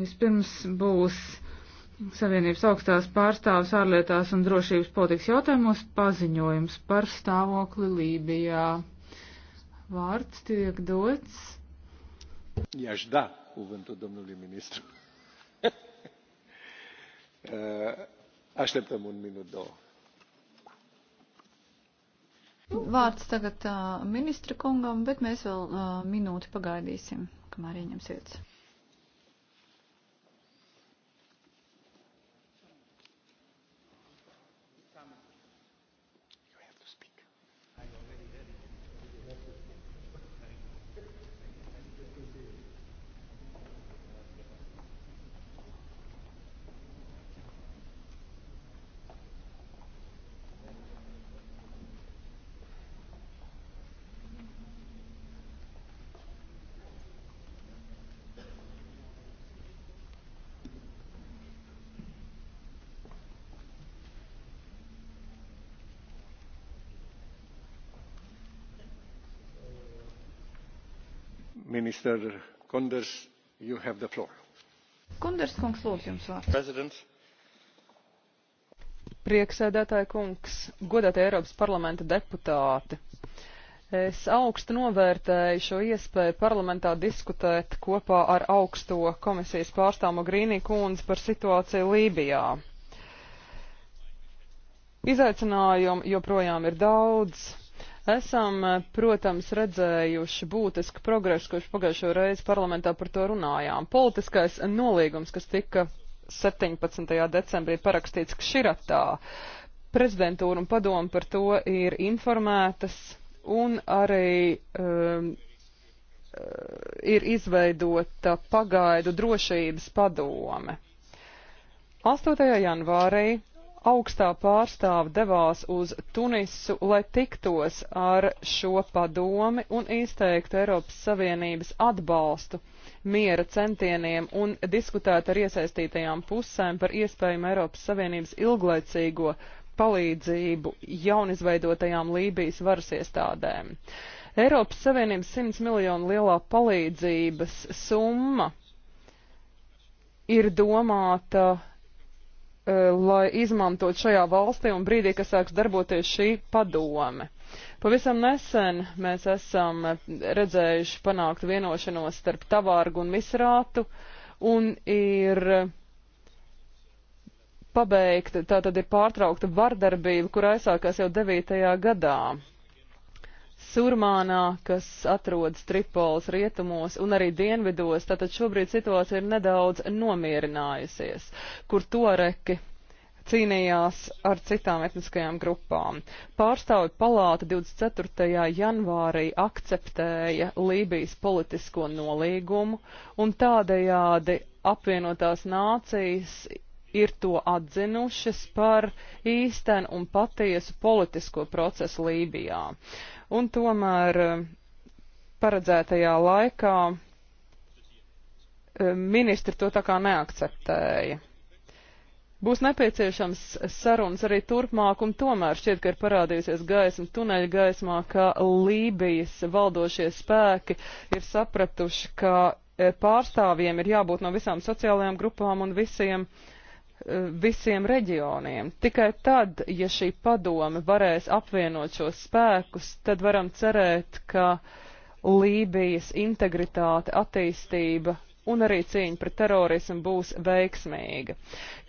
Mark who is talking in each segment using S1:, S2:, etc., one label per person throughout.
S1: Vispirms būs Savienības augstās pārstāvs ārlietās un drošības politikas jautājumos paziņojums par stāvokli Lībijā. Vārds tiek dots. Iaș da cuvântul domnului
S2: ministru. Așteptăm un minut, două. Vārds tagad uh, ministra kungam, bet mēs vēl uh, minūti pagaidīsim, kamēr ieņemsiet.
S1: Mr. Kunders, you have the floor.
S3: Kunders kungs, lūdzu jums vārds. President. Prieksēdētāja kungs, godātie Eiropas parlamenta deputāti. Es augstu novērtēju šo iespēju parlamentā diskutēt kopā ar augsto komisijas pārstāvu Grīnī kundzi par situāciju Lībijā. Izaicinājumu joprojām ir daudz, Esam, eh, protams, redzējuši būtisku progresu, kurš pagājušo reizi parlamentā par to runājām. Politiskais nolīgums, kas tika 17. decembrī parakstīts Kširatā, prezidentūra un padoma par to ir informētas un arī um, ir izveidota pagaidu drošības padome. 8. janvārī augstā pārstāve devās uz Tunisu, lai tiktos ar šo padomi un izteiktu Eiropas Savienības atbalstu miera centieniem un diskutētu ar iesaistītajām pusēm par iespējumu Eiropas Savienības ilglaicīgo palīdzību jaunizveidotajām Lībijas varas iestādēm. Eiropas Savienības 100 miljonu lielā palīdzības summa ir domāta uh, Eh, lai izmantot šajā valstī un brīdī, kad sāks darboties šī padome. Pavisam nesen mēs esam redzējuši panākt vienošanos starp Tavārgu un Misrātu un ir pabeigta, tātad ir pārtraukta vardarbība, kur aizsākās jau 9. gadā. Surmānā, kas atrodas Tripolis rietumos un arī dienvidos, tātad šobrīd situācija ir nedaudz nomierinājusies, kur toreki cīnījās ar citām etniskajām grupām. Pārstāvju palāta 24. janvārī akceptēja Lībijas politisko nolīgumu un tādējādi apvienotās nācijas ir to atzinušas par īstenu un patiesu politisko procesu Lībijā. Uh, un tomēr eh, paredzētajā laikā eh, ministri to tā kā neakceptēja. Būs nepieciešams sarunas arī turpmāk, un tomēr šķiet, ka ir parādījusies gaisma tuneļa gaismā, ka Lībijas valdošie spēki ir sapratuši, ka eh, pārstāvjiem ir jābūt no visām sociālajām grupām un visiem uh, visiem reģioniem. Tikai tad, ja šī padome varēs apvienot šos spēkus, tad varam cerēt, ka Lībijas integritāte, attīstība un arī cīņa pret terorismu būs veiksmīga.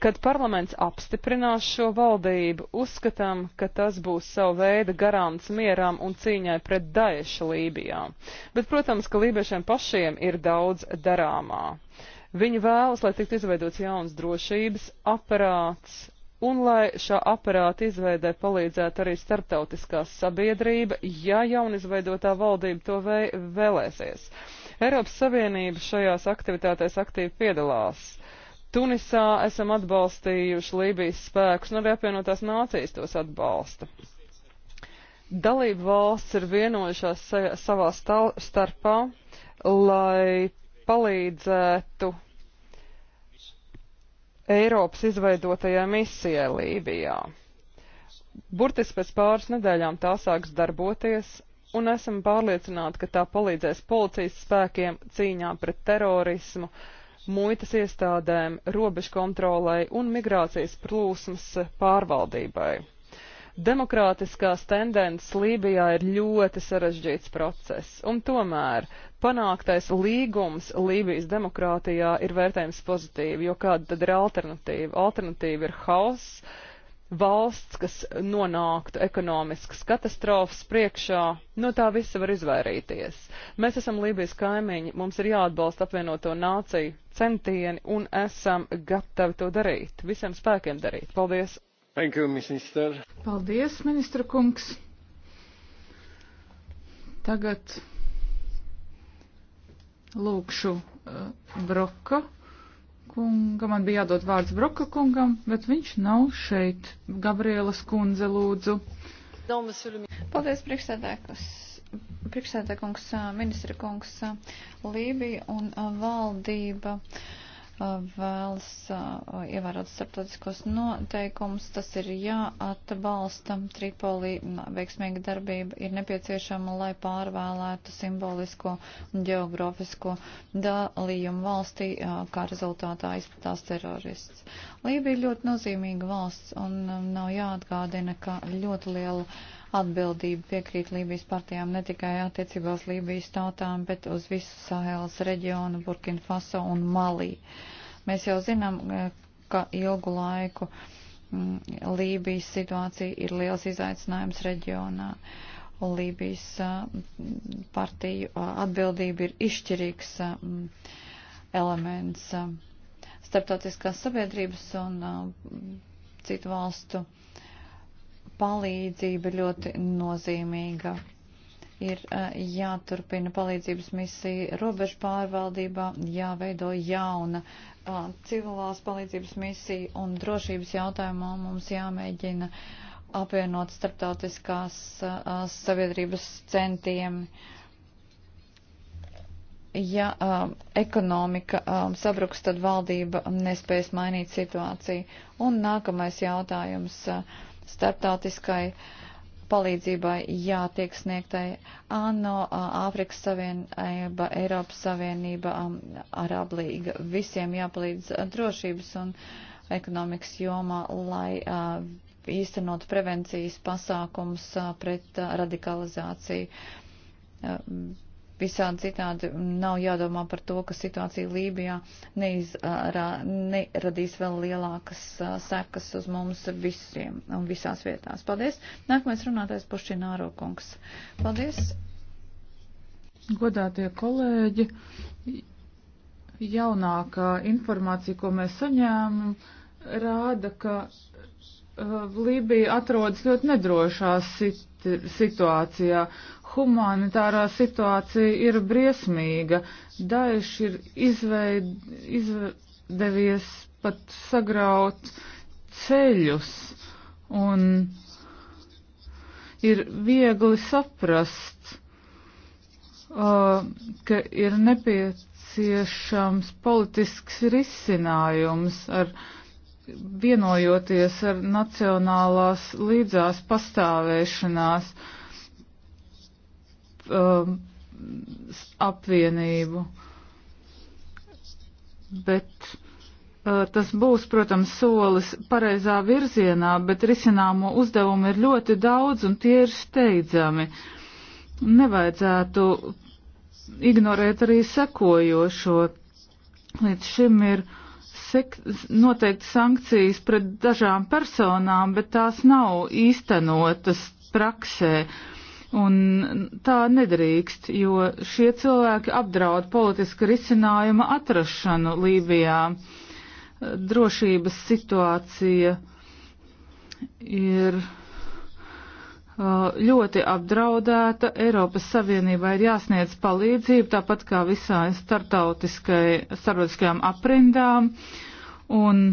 S3: Kad parlaments apstiprinās šo valdību, uzskatām, ka tas būs savu veidu garants mieram un cīņai pret Daešu Lībijā. Bet, protams, ka lībiešiem pašiem ir daudz darāmā. Viņi vēlas, lai tiktu izveidots jauns drošības aparāts un lai šā aparāta izveidē palīdzētu arī starptautiskā sabiedrība, ja jaunizveidotā valdība to vēlēsies. Eiropas Savienība šajās aktivitātēs aktīvi piedalās. Tunisā esam atbalstījuši Lībijas spēkus, un arī apvienotās nācijas tos atbalsta. Dalību valsts ir vienojušās savā starpā, lai palīdzētu Eiropas izveidotajai misijai Lībijā. Burtiski pēc pāris nedēļām tā sāks darboties, un esam pārliecināti, ka tā palīdzēs policijas spēkiem cīņā pret terorismu, muitas iestādēm, robežu kontrolai un migrācijas plūsmas pārvaldībai. Demokrātiskās tendences Lībijā ir ļoti sarežģīts process, un tomēr panāktais līgums Lībijas demokrātijā ir vērtējums pozitīvi, jo kāda tad ir alternatīva? Alternatīva ir hauss, valsts, kas nonāktu ekonomiskas katastrofas priekšā, no tā visa var izvairīties. Mēs esam Lībijas kaimiņi, mums ir jāatbalsta apvienoto nāciju centieni un esam gatavi to darīt, visiem spēkiem darīt. Paldies!
S1: Thank you, minister. Paldies, ministra kungs. Tagad lūkšu uh, Broka kungam. Man bija jādod vārds Broka kungam, bet viņš nav šeit. Gabrielas kundze lūdzu.
S2: Paldies, priekšsēdētājs priekšsēdētājs, uh, ministra kungs, uh, Lībija un uh, valdība. Uh, vēlas ievērot starptautiskos noteikumus, tas ir jāatbalsta. Tripolī veiksmīga darbība ir nepieciešama, lai pārvēlētu simbolisko un geogrāfisko dalījumu valstī, kā rezultātā izplatās terorists. Lībija ir ļoti nozīmīga valsts un nav jāatgādina, ka ļoti liela atbildību piekrīt Lībijas partijām ne tikai attiecībā uz Lībijas tautām, bet uz visu Sahēlas reģionu, Burkina Faso un Malī. Mēs jau zinām, eh, ka ilgu laiku mm, Lībijas situācija ir liels izaicinājums reģionā. Lībijas eh, partiju eh, atbildība ir izšķirīgs mm, elements starptautiskās sabiedrības un citu valstu uh, palīdzība ļoti nozīmīga. Ir jāturpina palīdzības misija robežu pārvaldībā, jāveido jauna civilās palīdzības misija un drošības jautājumā mums jāmēģina apvienot starptautiskās sabiedrības centiemi ja um, ekonomika um, sabruks, tad valdība nespēs mainīt situāciju. Un nākamais jautājums uh, starptautiskai palīdzībai jātiek sniegtai ANO, Āfrikas Savienība, Eiropas Savienība, Arablīga. Visiem jāpalīdz drošības un ekonomikas jomā, lai īstenot prevencijas pasākums pret radikalizāciju Visādi citādi nav jādomā par to, ka situācija Lībijā neizrā, neradīs vēl lielākas sekas uz mums visiem un visās vietās. Paldies. Nākamais runātais Pušķināro kungs. Paldies.
S1: Godātie kolēģi, jaunākā informācija, ko mēs saņēmam, rāda, ka Lībija atrodas ļoti nedrošā sit situācijā humanitārā situācija ir briesmīga. Daļš ir izveid, izdevies pat sagraut ceļus un ir viegli saprast, uh, ka ir nepieciešams politisks risinājums ar vienojoties ar nacionālās līdzās pastāvēšanās uh, um, apvienību. Bet uh, tas būs, protams, solis pareizā virzienā, bet risināmo uzdevumu ir ļoti daudz un tie ir steidzami. Nevajadzētu ignorēt arī sekojošo. Līdz šim ir noteikti sankcijas pret dažām personām, bet tās nav īstenotas praksē. Uh, Un tā nedrīkst, jo šie cilvēki apdraud politiska risinājuma atrašanu Lībijā. Drošības situācija ir uh, ļoti apdraudēta. Eiropas Savienībai ir jāsniedz palīdzību, tāpat kā visām starptautiskajām aprindām. Un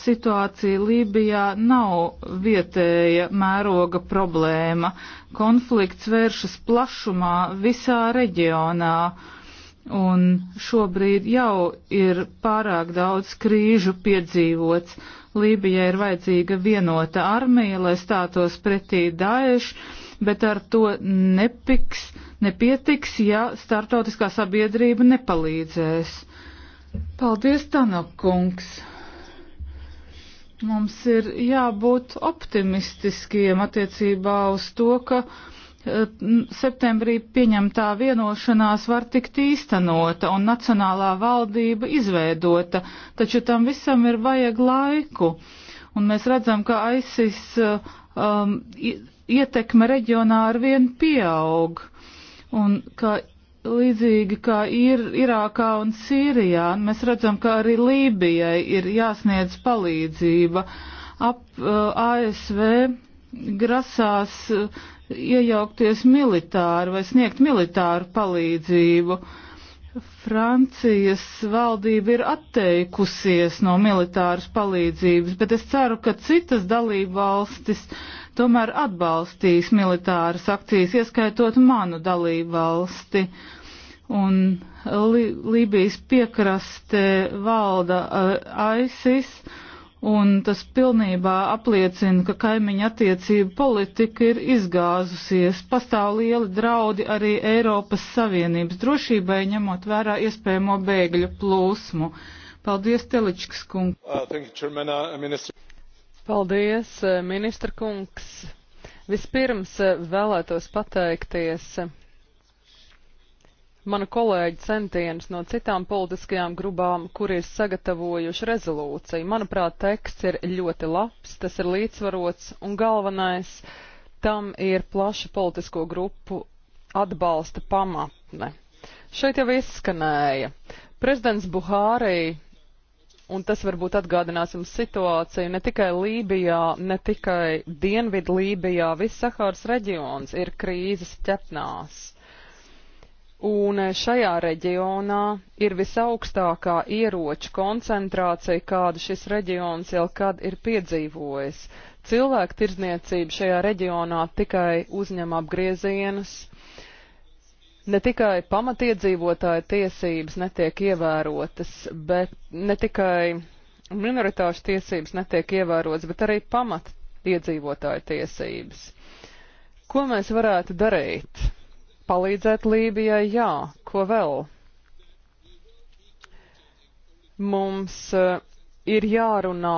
S1: situācija Lībijā nav vietēja mēroga problēma. Konflikts vēršas plašumā visā reģionā. Un šobrīd jau ir pārāk daudz krīžu piedzīvots. Lībijai ir vajadzīga vienota armija, lai stātos pretī Daesh, bet ar to nepiks, nepietiks, ja startautiskā sabiedrība nepalīdzēs. Paldies, Tanokungs! Mums ir jābūt optimistiskiem attiecībā uz to, ka eh, septembrī pieņemtā vienošanās var tikt īstenota un nacionālā valdība izveidota, taču tam visam ir vajag laiku. Un mēs redzam, ka ISIS eh, um, ietekme reģionā arvien pieaug un ka līdzīgi kā ir Irākā un Sīrijā, un mēs redzam, ka arī Lībijai ir jāsniedz palīdzība. Ap uh, ASV grasās uh, iejaukties militāri vai sniegt militāru palīdzību. Uh, Francijas valdība ir atteikusies no militāras palīdzības, bet es ceru, ka citas dalība valstis tomēr atbalstīs militāras akcijas, ieskaitot manu dalību valsti. Un Li Lībijas piekraste valda uh, ISIS. Uh, un tas pilnībā apliecina, ka kaimiņa attiecība politika ir izgāzusies. Pastāv lieli draudi arī Eiropas Savienības drošībai, ņemot vērā iespējamo bēgļu plūsmu. Paldies, Teličkas kungs. Uh, uh, Paldies, uh, ministra
S3: kungs. Vispirms vēlētos pateikties manu kolēģu centienus no citām politiskajām grupām, kur ir sagatavojuši rezolūciju. Manuprāt, teksts ir ļoti labs, tas ir līdzsvarots un galvenais tam ir plaša politisko grupu atbalsta pamatne. Šeit jau izskanēja. Prezidents Buhārī, un tas varbūt atgādinās jums situāciju, ne tikai Lībijā, ne tikai Dienvidu Lībijā, viss Sahāras reģions ir krīzes ķepnās un eh, šajā reģionā ir visaugstākā ieroču koncentrācija, kādu šis reģions jau kad ir piedzīvojis. Cilvēku tirdzniecība šajā reģionā tikai uzņem apgriezienus. Ne tikai pamatiedzīvotāja tiesības netiek ievērotas, bet ne tikai minoritāšu tiesības netiek ievērotas, bet arī pamatiedzīvotāja tiesības. Ko mēs varētu darīt? palīdzēt Lībijai, jā, ko vēl? Mums eh, ir jārunā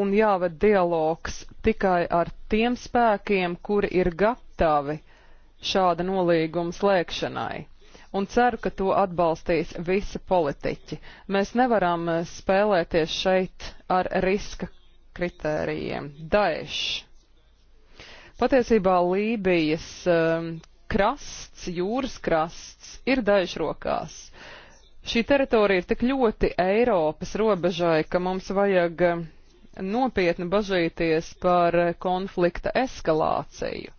S3: un jāved dialogs tikai ar tiem spēkiem, kuri ir gatavi šāda nolīguma slēgšanai. Un ceru, ka to atbalstīs visi politiķi. Mēs nevaram eh, spēlēties šeit ar riska kritērijiem. Daesh. Patiesībā Lībijas eh, krasts, jūras krasts, ir dažrokās. Šī teritorija ir tik ļoti Eiropas robežai, ka mums vajag eh, nopietni bažīties par eh, konflikta eskalāciju.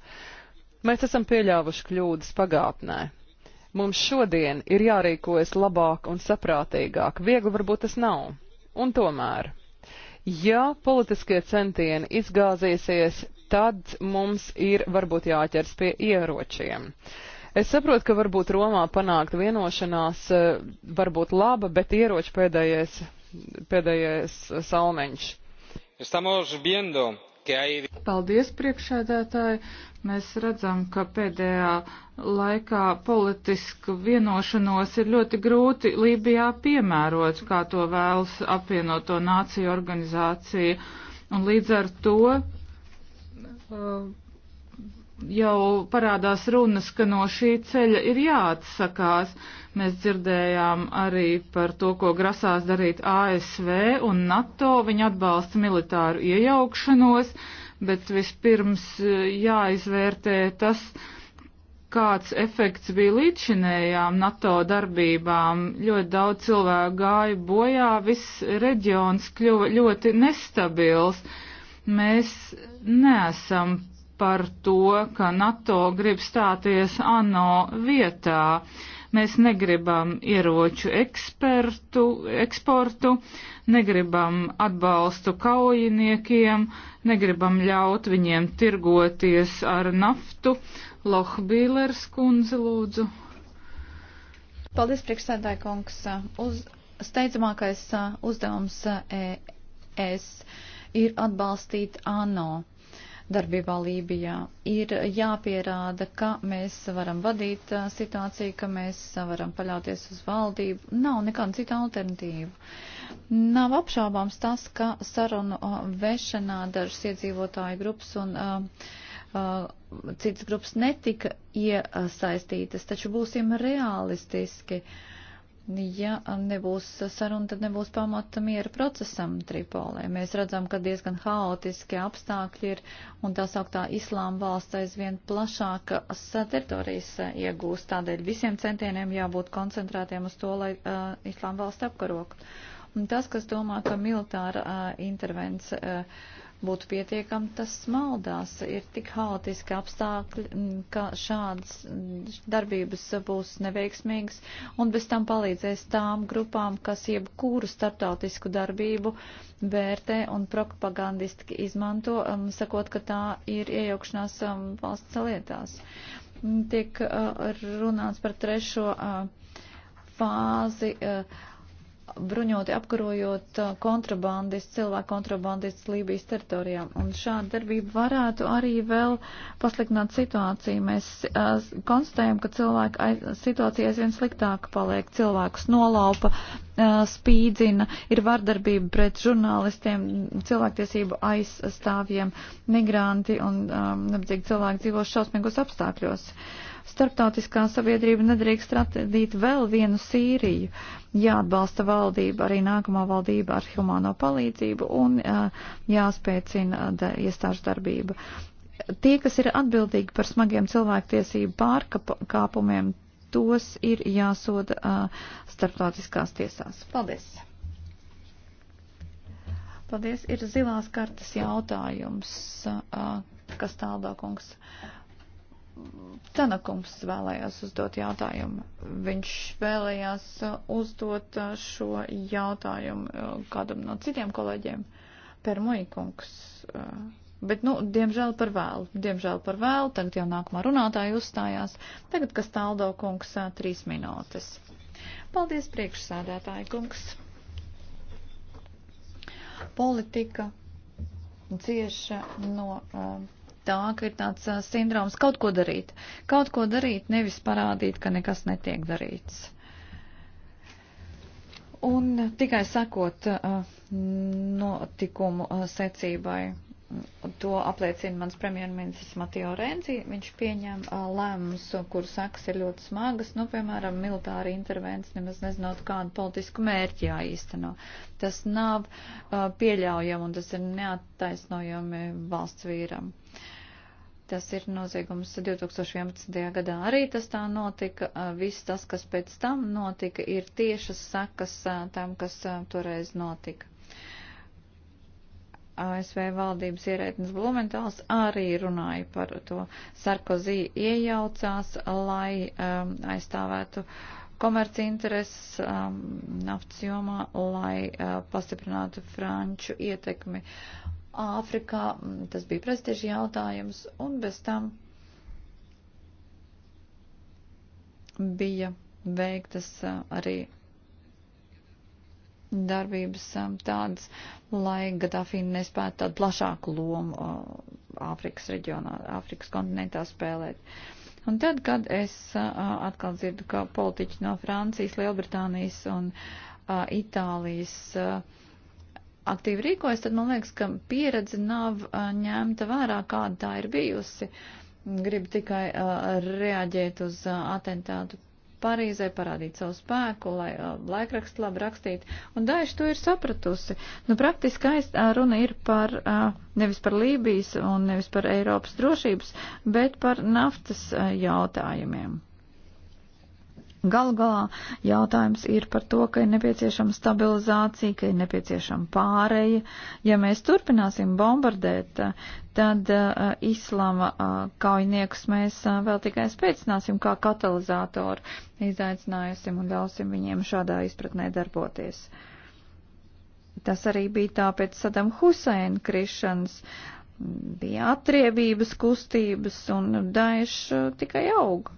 S3: Mēs esam pieļāvuši kļūdas pagātnē. Mums šodien ir jārīkojas labāk un saprātīgāk. Viegli varbūt tas nav. Un tomēr, ja politiskie centieni izgāzīsies tad mums ir varbūt jāķers pie ieročiem. Es saprotu, ka varbūt Romā panākt vienošanās eh, varbūt laba, bet ieroči pēdējais,
S1: pēdējais salmeņš.
S4: Estamos viendo
S1: Paldies, priekšēdētāji. Mēs redzam, ka pēdējā laikā politisku vienošanos ir ļoti grūti Lībijā piemērot, kā to vēlas apvienoto nāciju organizācija. Un līdz ar to Uh, jau parādās runas, ka no šī ceļa ir jāatsakās. Mēs dzirdējām arī par to, ko grasās darīt ASV un NATO. Viņi atbalsta militāru iejaukšanos, bet vispirms uh, jāizvērtē tas, kāds efekts bija līdzinējām NATO darbībām. Ļoti daudz cilvēku gāja bojā, viss reģions kļuva ļoti nestabils. Uh, Mēs neesam par to, ka NATO grib stāties ANO vietā. Mēs negribam ieroču ekspertu, eksportu, negribam atbalstu kaujiniekiem, negribam ļaut viņiem tirgoties ar naftu. Lohbīlers kundze lūdzu.
S2: Paldies, priekšsēdāja kungs. Uz, steidzamākais uh, uzdevums ES. Uh, e ir atbalstīt ANO darbībā Lībijā. Ir jāpierāda, ka mēs varam vadīt situāciju, ka mēs varam paļauties uz valdību. Nav nekāda cita alternatīva. Nav apšābāms tas, ka sarunu vešanā dažas iedzīvotāju grupas un uh, uh, citas grupas netika iesaistītas, taču būsim realistiski. Uh, Ja nebūs saruna, tad nebūs pamata miera procesam Tripolē. Mēs redzam, ka diezgan haotiski apstākļi ir un tā sauktā islāma valsts aizvien plašākas teritorijas iegūst. Tādēļ visiem centieniem jābūt koncentrētiem uz to, lai uh, islāma valsts apkaroktu. Un tas, kas domā, ka militāra uh, intervence. Uh, būtu pietiekami, tas smaldās. Ir tik haotiski apstākļi, ka šādas darbības būs neveiksmīgas un bez tam palīdzēs tām grupām, kas jebkuru startautisku darbību vērtē un propagandistiski izmanto, um, sakot, ka tā ir iejaukšanās um, valsts lietās. Tiek uh, runāts par trešo uh, fāzi. Uh, bruņoti apkarojot uh, kontrabandistus, cilvēku kontrabandistus Lībijas teritorijā. Un šāda darbība varētu arī vēl pasliktināt situāciju. Mēs uh, konstatējam, ka cilvēku aiz, situācija aizvien sliktāka paliek. Cilvēkus nolaupa, uh, spīdzina, ir vardarbība pret žurnālistiem, cilvēktiesību aizstāvjiem, migranti un um, nabadzīgi cilvēki dzīvo šausmīgos apstākļos. Uh, Starptautiskā sabiedrība nedrīkst atradīt vēl vienu Sīriju. Jāatbalsta valdība, arī nākamā valdība ar humāno palīdzību un jāspēcina da, iestāžu darbība. Tie, kas ir atbildīgi par smagiem cilvēktiesību pārkāpumiem, tos ir jāsoda uh, starptautiskās tiesās. Paldies! Paldies! Ir zilās kartas jautājums, uh, kas tālāk, kungs. Uh, Tanakums vēlējās uzdot jautājumu. Viņš vēlējās uh, uzdot uh, šo jautājumu uh, kādam no citiem kolēģiem. Permuikungs. Bet, nu, diemžēl par vēlu. Diemžēl par vēlu. Tagad jau nākamā kastaldo, kungs, uzstājās. Tagad, kas taldo kungs, trīs minūtes. Paldies, priekšsādātāji kungs. Politika cieša no. Uh, tā, ka ir tāds sindroms kaut ko darīt. Kaut ko darīt, nevis parādīt, ka nekas netiek darīts. Un tikai sakot notikumu secībai, to apliecina mans premjerministrs Matio Renzi, viņš pieņem lēmumus, kur saks ir ļoti smagas, nu, piemēram, militāra intervents, nemaz nezinot, kādu politisku mērķi jāīsteno. Tas nav pieļaujami un tas ir neattaisnojami valsts vīram. Tas ir noziegums 2011. gadā. Arī tas tā notika. Viss tas, kas pēc tam notika, ir tiešas sakas tam, kas toreiz notika. ASV valdības ierētnis Blumentāls arī runāja par to. Sarkozī iejaucās, lai um, aizstāvētu komerci intereses um, naftas jomā, lai uh, pastiprinātu franču ietekmi Āfrikā. Mm, tas bija prestiži jautājums un bez tam bija veiktas arī darbības tādas, lai Gaddafi nespētu tādu plašāku lomu Āfrikas reģionā, Āfrikas kontinentā spēlēt. Un tad, kad es atkal dzirdu, ka politiķi no Francijas, Lielbritānijas un Itālijas uh, aktīvi rīkojas, tad man liekas, ka pieredze nav ņemta vērā, kāda tā ir bijusi. Gribu tikai reaģēt uz atentātu Parīzē, parādīt savu spēku, lai laikrakstu labi rakstītu. Un Daiši to ir sapratusi. Nu, praktiski aiz, runa ir par nevis par Lībijas un nevis par Eiropas drošības, bet par naftas jautājumiem. Galu galā jautājums ir par to, ka ir nepieciešama stabilizācija, ka ir nepieciešama pāreja. Ja mēs turpināsim bombardēt, eh, tad uh, islama uh, kaujiniekus mēs uh, vēl tikai spēcināsim kā katalizātoru, izaicinājusim un ļausim viņiem šādā izpratnē darboties. Tas arī bija tāpēc Sadam Huseina krišanas. Bija atriebības kustības un daiš tikai auga.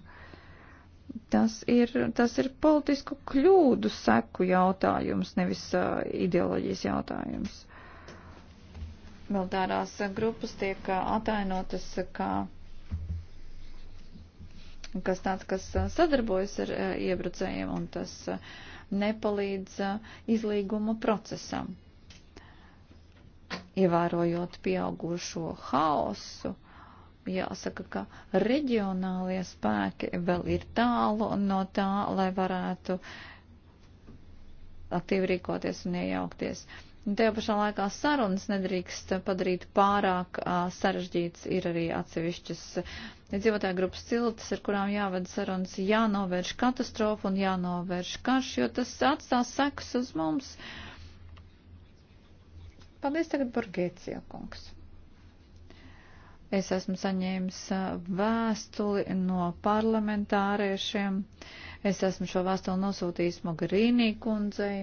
S2: Tas ir, tas ir politisku kļūdu seku jautājums, nevis uh, ideoloģijas jautājums. Militārās grupas tiek atainotas kā kas tāds, kas sadarbojas ar uh, iebrucējiem, un tas uh, nepalīdz uh, izlīguma procesam. Ievērojot pieaugušo haosu, uh, jāsaka, ka reģionālie spēki vēl ir tālu no tā, lai varētu aktīvi rīkoties un iejaukties. Un tajā pašā laikā sarunas nedrīkst padarīt pārāk uh, sarežģītas. Ir arī atsevišķas iedzīvotāju ja grupas ciltas, ar kurām jāved sarunas, jānovērš katastrofa un jānovērš karš, jo tas atstās sekas uz mums. Paldies tagad, Borgēcija kungs. Es esmu saņēmis vēstuli no parlamentāriešiem. Es esmu šo vēstuli nosūtījis Mogherīnī kundzei.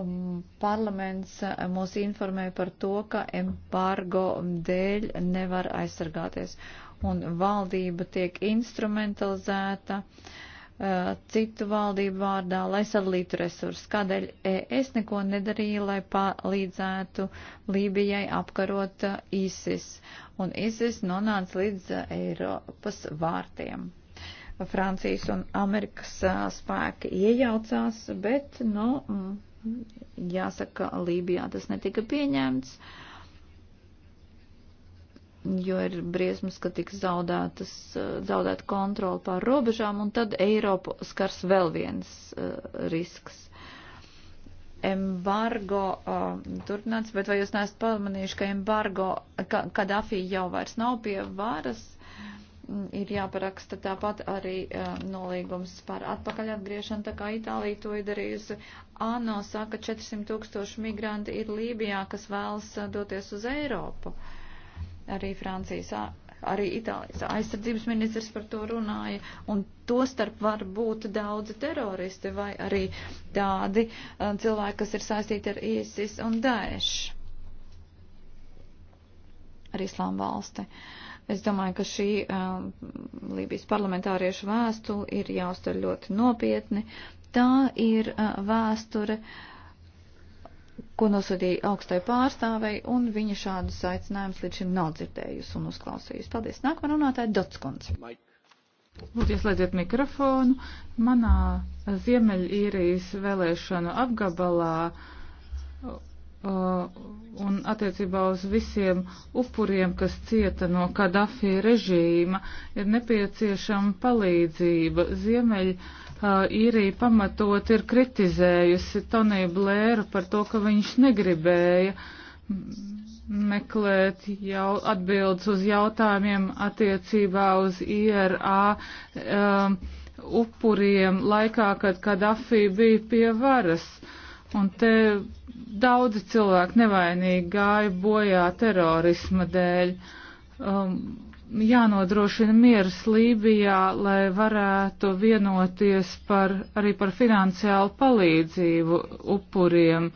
S2: Un parlaments mūs informē par to, ka embargo dēļ nevar aizsargāties. Un valdība tiek instrumentalizēta. Uh, Uh, citu valdību vārdā, lai sadalītu resursus. Kādēļ es neko nedarīju, lai palīdzētu Lībijai apkarot uh, ISIS? Un ISIS nonāca līdz uh, Eiropas vārtiem. Francijas un Amerikas spēki iejaucās, bet, nu, mm, jāsaka, Lībijā tas netika pieņemts. Uh, jo ir briesmas, ka tiks zaudētas, eh, zaudēta kontrola pār robežām, un tad Eiropu skars vēl viens uh, risks. Embargo uh, turpināts, bet vai jūs neesat pamanījuši, ka embargo, ka Kadafī jau vairs nav pie varas, mm, ir jāparaksta tāpat arī uh, nolīgums par atpakaļ atgriešanu, tā kā Itālija to ir darījusi. ANO saka, 400 tūkstoši migranti ir Lībijā, kas vēlas doties uz Eiropu. Uh, arī Francijas, arī Itālijas aizsardzības ministrs par to runāja, un to starp var būt daudzi teroristi vai arī tādi cilvēki, kas ir saistīti ar ISIS un Daesh, ar Islām valsti. Es domāju, ka šī um, Lībijas parlamentāriešu vēstule ir jāuztver ļoti nopietni. Tā ir uh, vēsture. Uh, ko nosūtīja augstai pārstāvei, un viņa šādus aicinājumus līdz šim nav dzirdējusi un uzklausījusi. Paldies. Nākamā runātāja
S1: Dotskons. Lūdzu, ieslēdziet mikrofonu. Manā Ziemeļīrijas vēlēšanu apgabalā un attiecībā uz visiem upuriem, kas cieta no Kadafī režīma, ir nepieciešama palīdzība. Ziemeļīrijas īrija pamatot ir kritizējusi Toniju Blēru par to, ka viņš negribēja meklēt jau atbildes uz jautājumiem attiecībā uz IRA um, upuriem laikā, kad Kadafī bija pie varas. Un te daudzi cilvēki nevainīgi gāja bojā terorisma dēļ. Um, jānodrošina miers Lībijā, lai varētu vienoties par, arī par finansiālu palīdzību upuriem.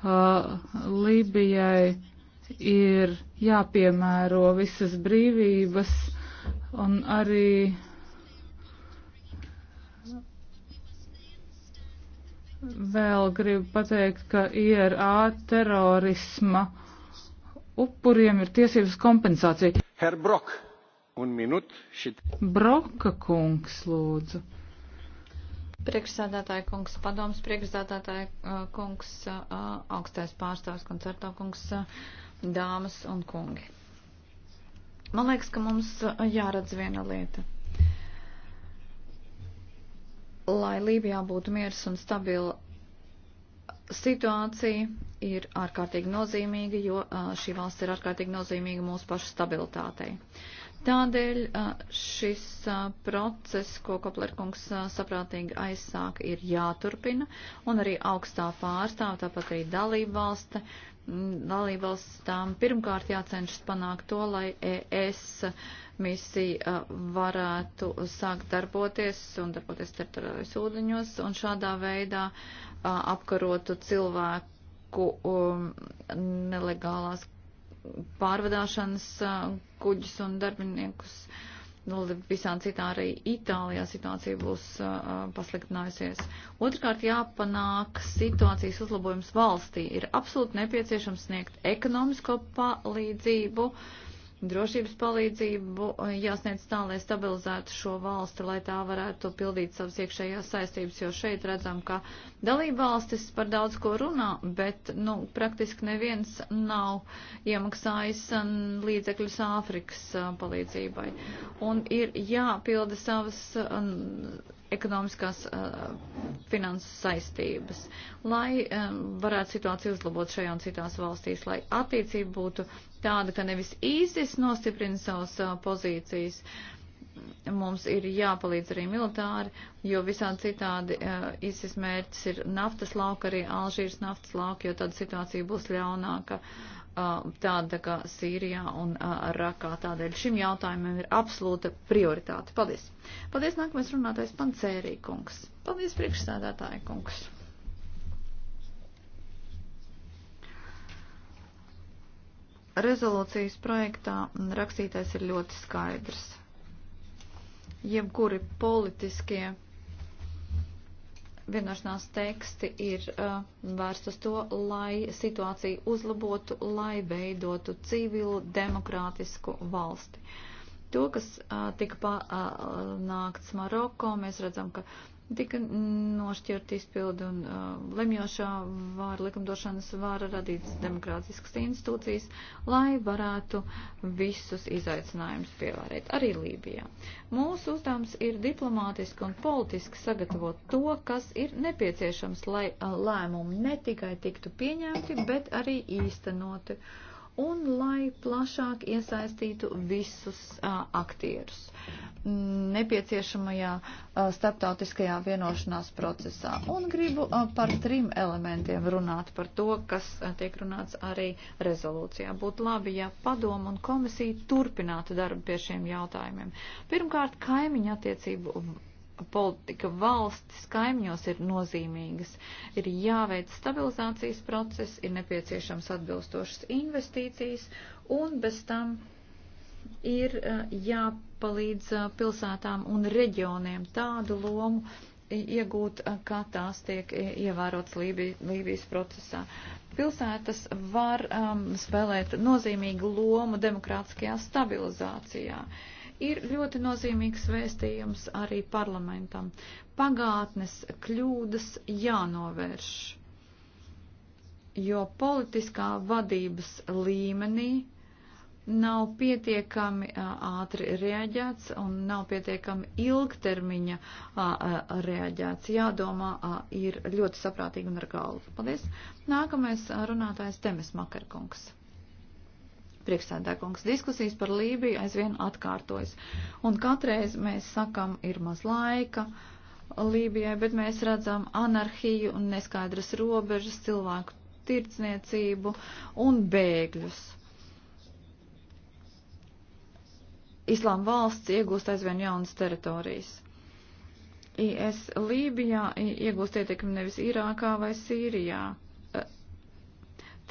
S1: Uh, Lībijai ir jāpiemēro visas brīvības un arī vēl gribu pateikt, ka IRA terorisma upuriem ir tiesības kompensācija.
S5: Herr Brok, un minūte šit.
S1: Broka kungs, lūdzu.
S2: Priekšsēdētāja kungs, padoms priekšsēdētāja kungs, augstais pārstāvs koncerto kungs, dāmas un kungi. Man liekas, ka mums jāredz viena lieta. Lai Lībijā būtu miers un stabila situācija ir ārkārtīgi nozīmīga, jo šī valsts ir ārkārtīgi nozīmīga mūsu pašu stabilitātei. Tādēļ šis process, ko Koplerkungs saprātīgi aizsāka, ir jāturpina, un arī augstā pārstāv, tāpat arī dalība valste Dalībvalsts tām pirmkārt jācenšas panākt to, lai ES misija uh, varētu sākt darboties un darboties teritoriālajos ūdeņos un šādā veidā uh, apkarotu cilvēku um, nelegālās pārvadāšanas uh, kuģus un darbiniekus. Uh, Nu, visām citām arī Itālijā situācija būs uh, pasliktinājusies. Otrkārt, jāpanāk situācijas uzlabojums valstī. Ir absolūti nepieciešams sniegt ekonomisko palīdzību. Uh, drošības palīdzību eh, jāsniedz tā, lai stabilizētu šo valsti, lai tā varētu pildīt savas iekšējās saistības, jo šeit redzam, ka dalība valstis par daudz ko runā, bet, nu, praktiski neviens nav iemaksājis eh, līdzekļus Āfrikas eh, palīdzībai. Un ir jāpilda savas ekonomiskās uh, finanses saistības, lai um, varētu situāciju uzlabot šajā un citās valstīs, lai attiecība būtu tāda, ka nevis īsis nostiprina savas uh, pozīcijas, mums ir jāpalīdz arī militāri, jo visādi citādi uh, īsis mērķis ir naftas lauka, arī Alžīras naftas lauka, jo tad situācija būs ļaunāka. Uh, tāda kā Sīrijā un Rakā. Tādēļ šim jautājumam ir absolūta prioritāte. Paldies. Paldies, nākamais runātais pancērī kungs. Paldies, priekšsēdētāja kungs. Rezolūcijas projektā rakstītais ir ļoti skaidrs. Jebkuri politiskie vienošanās teksti ir uh, vērst uz to, lai situāciju uzlabotu, lai veidotu civilu demokrātisku valsti. To, kas uh, tika panākts uh, Maroko, mēs redzam, ka tika nošķirt izpildu un uh, lemjošā vāra, likumdošanas vāra radītas demokrātiskas institūcijas, lai varētu visus izaicinājumus pievērēt arī Lībijā. Mūsu uzdevums ir diplomātiski un politiski sagatavot to, kas ir nepieciešams, lai uh, lēmumi ne tikai tiktu pieņemti, bet arī īstenoti. Uh, un lai plašāk iesaistītu visus uh, aktierus nepieciešamajā uh, starptautiskajā vienošanās procesā. Un gribu uh, par trim elementiem runāt, par to, kas uh, tiek runāts arī rezolūcijā. Būtu labi, ja padomu un komisija turpinātu darbu pie šiem jautājumiem. Pirmkārt, kaimiņa attiecību politika valstis kaimiņos ir nozīmīgas. Ir jāveic stabilizācijas process, ir nepieciešams atbilstošas investīcijas un bez tam ir eh, jāpalīdz eh, pilsētām un reģioniem tādu lomu iegūt, eh, kā tās tiek ievērots Lībij, Lībijas procesā. Pilsētas var um, spēlēt nozīmīgu lomu demokrātiskajā stabilizācijā. Uh, ir ļoti nozīmīgs vēstījums arī parlamentam. Pagātnes kļūdas jānovērš, jo politiskā vadības līmenī nav pietiekami ātri reaģēts un nav pietiekami ilgtermiņa reaģēts. Jādomā ir ļoti saprātīgi un ar galvu. Paldies. Nākamais runātājs Temes Makarkungs. Priekšsēdētājkungs diskusijas par Lībiju aizvien atkārtojas. Un katreiz mēs sakam, ir maz laika Lībijai, bet mēs redzam anarhiju un neskaidras robežas, cilvēku tirdzniecību un bēgļus. Islām valsts iegūst aizvien jaunas teritorijas. IS Lībijā iegūst ietekmi nevis Irākā vai Sīrijā.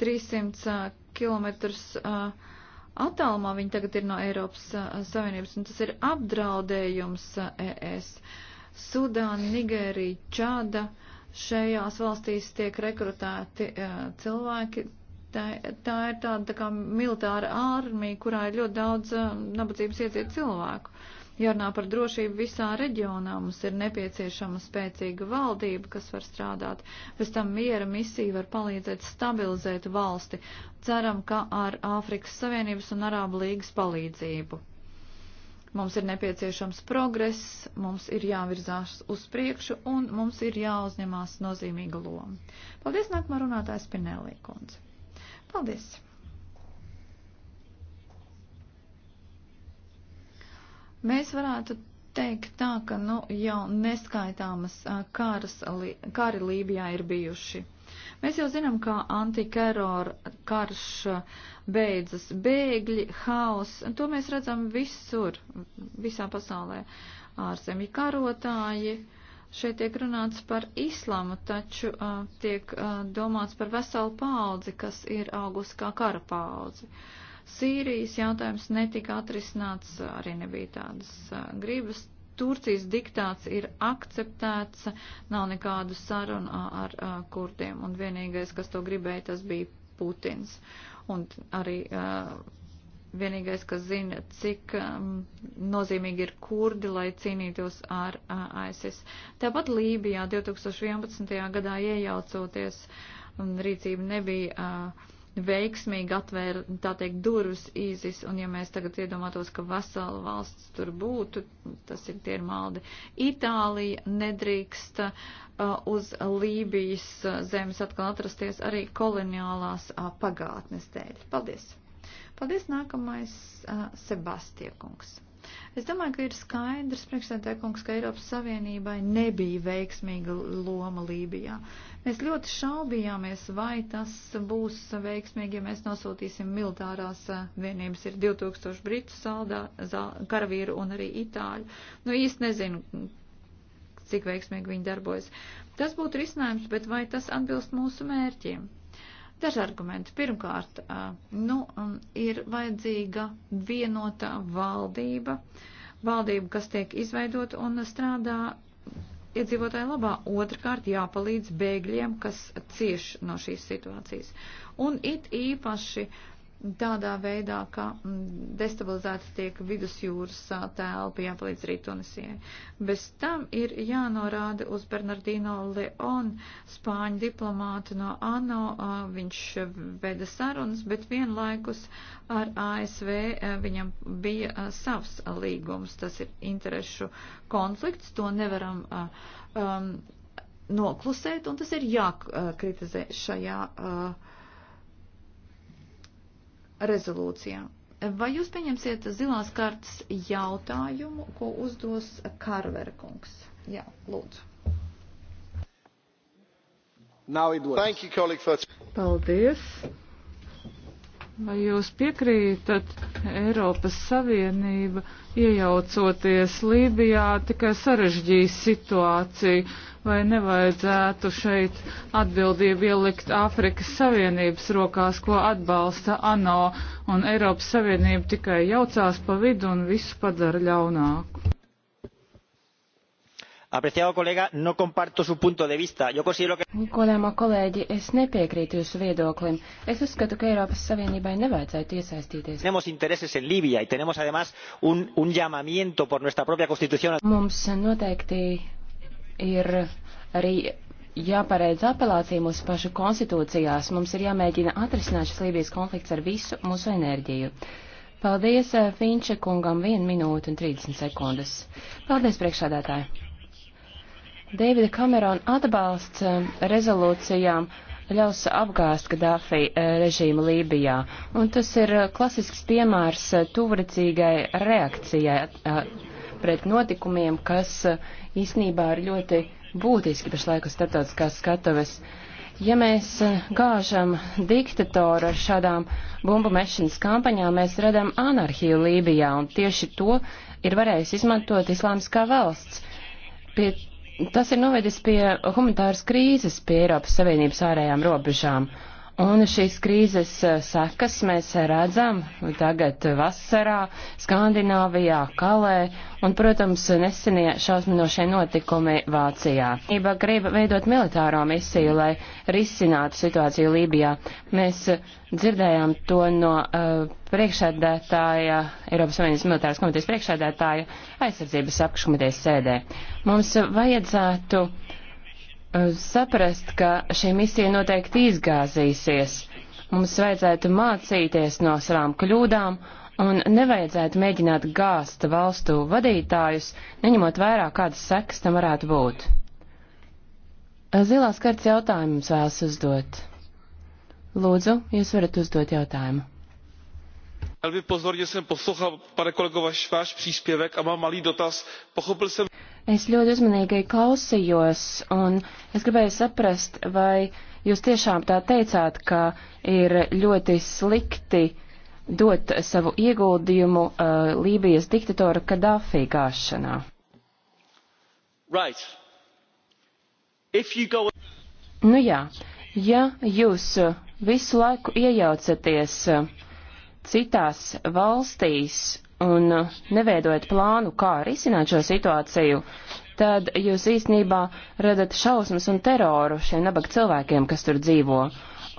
S2: 300 eh, eh, kilometrus uh, eh, attālumā viņi tagad ir no Eiropas Savienības, un tas ir apdraudējums ES. Sudāna, Nigērija, Čāda, šajās valstīs tiek rekrutēti cilvēki. Tā, tā ir tāda tā kā militāra ārmija, kurā ir ļoti daudz nabadzības ieciet cilvēku. Uh, Jārunā par drošību visā reģionā. Mums ir nepieciešama spēcīga valdība, kas var strādāt. Pēc tam miera misija var palīdzēt stabilizēt valsti. Ceram, ka ar Āfrikas Savienības un Arābu līgas palīdzību. Mums ir nepieciešams progress, mums ir jāvirzās uz priekšu un mums ir jāuzņemās nozīmīga loma. Paldies, nākamā runātājs Pinēlī kundze. Paldies! Mēs varētu teikt tā, ka nu, jau neskaitāmas kāras, kāri Lībijā ir bijuši. Mēs jau zinām, kā antiterora karš beidzas bēgļi, haus, un to mēs redzam visur, visā pasaulē. Ārzemju karotāji, šeit tiek runāts par islamu, taču uh, tiek uh, domāts par veselu paudzi, kas ir augusi kā kara paudzi. Uh, Sīrijas jautājums netika atrisināts, arī nebija tādas gribas. Turcijas diktāts ir akceptēts, nav nekādu sarunu ar, ar kurdiem, un vienīgais, kas to gribēja, tas bija Putins. Un arī uh, vienīgais, kas zina, cik um, nozīmīgi ir kurdi, lai cīnītos ar uh, ISIS. Tāpat Lībijā 2011. gadā iejaucoties, um, rīcība nebija. Uh, veiksmīgi atvēra, tā teikt, durvis īzis, un ja mēs tagad iedomātos, ka vesela valsts tur būtu, tas ir tie ir maldi. Itālija nedrīkst uh, uz Lībijas uh, zemes atkal atrasties arī koloniālās uh, pagātnes dēļ. Paldies! Paldies, nākamais uh, Sebastiekungs. Es domāju, ka ir skaidrs, priekšsēdētāj kungs, ka Eiropas Savienībai nebija veiksmīga loma Lībijā. Mēs ļoti šaubījāmies, vai tas būs veiksmīgi, ja mēs nosūtīsim militārās vienības. Ir 2000 britu saldā, karavīru un arī itāļu. Nu, īsti nezinu, cik veiksmīgi viņi darbojas. Tas būtu risinājums, bet vai tas atbilst mūsu mērķiem? Daži argumenti. Pirmkārt, nu, ir vajadzīga vienota valdība, valdība, kas tiek izveidot un strādā iedzīvotāju labā. Otrakārt, jāpalīdz bēgļiem, kas cieš no šīs situācijas. Un it īpaši uh, tādā veidā, ka mm, destabilizēta tiek vidusjūras telpa, jāpalīdz arī Tunisijai. Bez tam ir jānorāda uz Bernardino Leon, spāņu diplomātu no ANO, viņš veda sarunas, bet vienlaikus ar ASV viņam bija savs līgums, tas ir interešu konflikts, to nevaram. Um, noklusēt, un tas ir jākritizē šajā uh, rezolūcijā. Vai jūs pieņemsiet zilās kartas jautājumu, ko uzdos Karvera kungs? Jā,
S1: lūdzu. You, Paldies. Vai jūs piekrītat Eiropas Savienība iejaucoties Lībijā tikai sarežģīs situāciju? vai nevajadzētu šeit atbildību ielikt Āfrikas Savienības rokās, ko atbalsta ANO, un Eiropas Savienība tikai jaucās pa vidu un visu padara ļaunāku.
S2: Apreciado
S5: colega, no comparto su punto de vista. Yo considero que... Godāmā kolēģi, es nepiekrītu jūsu viedoklim. Es uzskatu, ka Eiropas Savienībai nevajadzētu iesaistīties. Tenemos intereses en Libia y tenemos
S2: además un, un llamamiento por nuestra propia constitución.
S5: Mums noteikti ir arī jāpareidz apelācija mūsu pašu konstitūcijās. Mums ir jāmēģina atrisināt šis Lībijas konflikts ar visu mūsu enerģiju. Paldies eh, Finče kungam 1 minūte un 30 sekundes. Paldies priekšādātāji. Davida Kamerona atbalsts eh, rezolūcijām ļaus apgāst Gadāfi eh, režīmu Lībijā. Un tas ir klasisks piemērs tuvredzīgai reakcijai pret notikumiem, kas eh, īsnībā ir ļoti būtiski pašlaik uz starptautiskās skatuves. Ja mēs eh, gāžam diktatoru ar šādām bumbu mešanas kampaņām, mēs redzam anarhiju Lībijā, un tieši to ir varējis izmantot islāmskā valsts. Pie, tas ir novedis pie humanitāras krīzes pie Eiropas Savienības ārējām robežām, Un šīs krīzes eh, sekas mēs redzam tagad vasarā, Skandināvijā, Kalē un, protams, nesenie šausminošie notikumi Vācijā. Ība grib veidot militāro misiju, lai risinātu situāciju Lībijā. Mēs dzirdējām to no uh, eh, priekšēdētāja, Eiropas Savienības militāras komitejas priekšēdētāja aizsardzības apakškomitejas sēdē. Mums vajadzētu uh, saprast, ka šī misija noteikti izgāzīsies. Mums vajadzētu mācīties no savām kļūdām un nevajadzētu mēģināt gāzt valstu vadītājus, neņemot vērā, kādas sekas tam varētu būt. Zilās kartas jautājumus vēlas uzdot. Lūdzu, jūs varat uzdot jautājumu.
S1: Velmi pozorně jsem poslouchal,
S2: pane kolego, váš, váš příspěvek a mám malý dotaz. Pochopil jsem...
S5: Es ļoti uzmanīgi klausījos, un es gribēju saprast, vai jūs tiešām tā teicāt, ka ir ļoti slikti dot savu ieguldījumu uh, Lībijas diktatora Kadāfī gāšanā.
S2: Right. Go...
S5: Nu jā, ja jūs visu laiku iejaucaties citās valstīs un uh, neveidojat plānu, kā risināt šo situāciju, tad jūs īstenībā redat šausmas un teroru šiem nabaga cilvēkiem, kas tur dzīvo.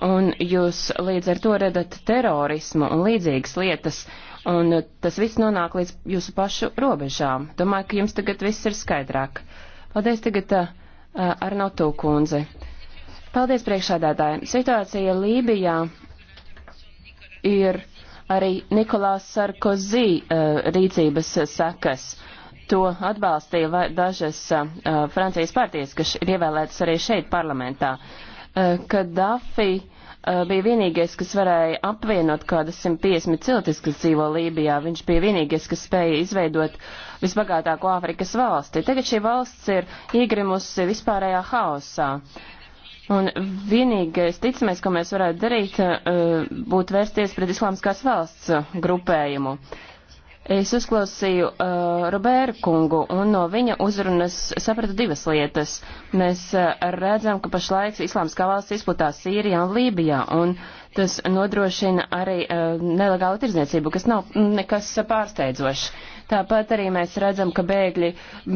S5: Un jūs līdz ar to redat terorismu un līdzīgas lietas, un uh, tas viss nonāk līdz jūsu pašu robežām. Domāju, ka jums tagad viss ir skaidrāk. Paldies tagad uh, uh Arnautu kundze. Paldies priekšādātāji. Situācija Lībijā ir arī Nikolās Sarkozī uh, eh, rīcības sekas. To atbalstīja dažas uh, Francijas partijas, kas ir ievēlētas arī šeit parlamentā. Uh, eh, Kadafi bija vienīgais, kas varēja apvienot kādas 150 ciltis, kas dzīvo Lībijā. Viņš bija vienīgais, kas spēja izveidot visbagātāko Āfrikas valsti. Tagad šī valsts ir iegrimusi vispārējā haosā. Uh, Un vienīgais ticamais, ko mēs varētu darīt, eh, būtu vērsties pret islāmskās valsts eh, grupējumu. Es uzklausīju uh, eh, Robertu kungu un no viņa uzrunas sapratu divas lietas. Mēs uh, redzam, ka pašlaik islāmskā valsts izplatās Sīrijā un Lībijā, un tas nodrošina arī uh, nelegālu tirdzniecību, kas nav mm, nekas pārsteidzošs. Tāpat arī mēs redzam, ka bēgļi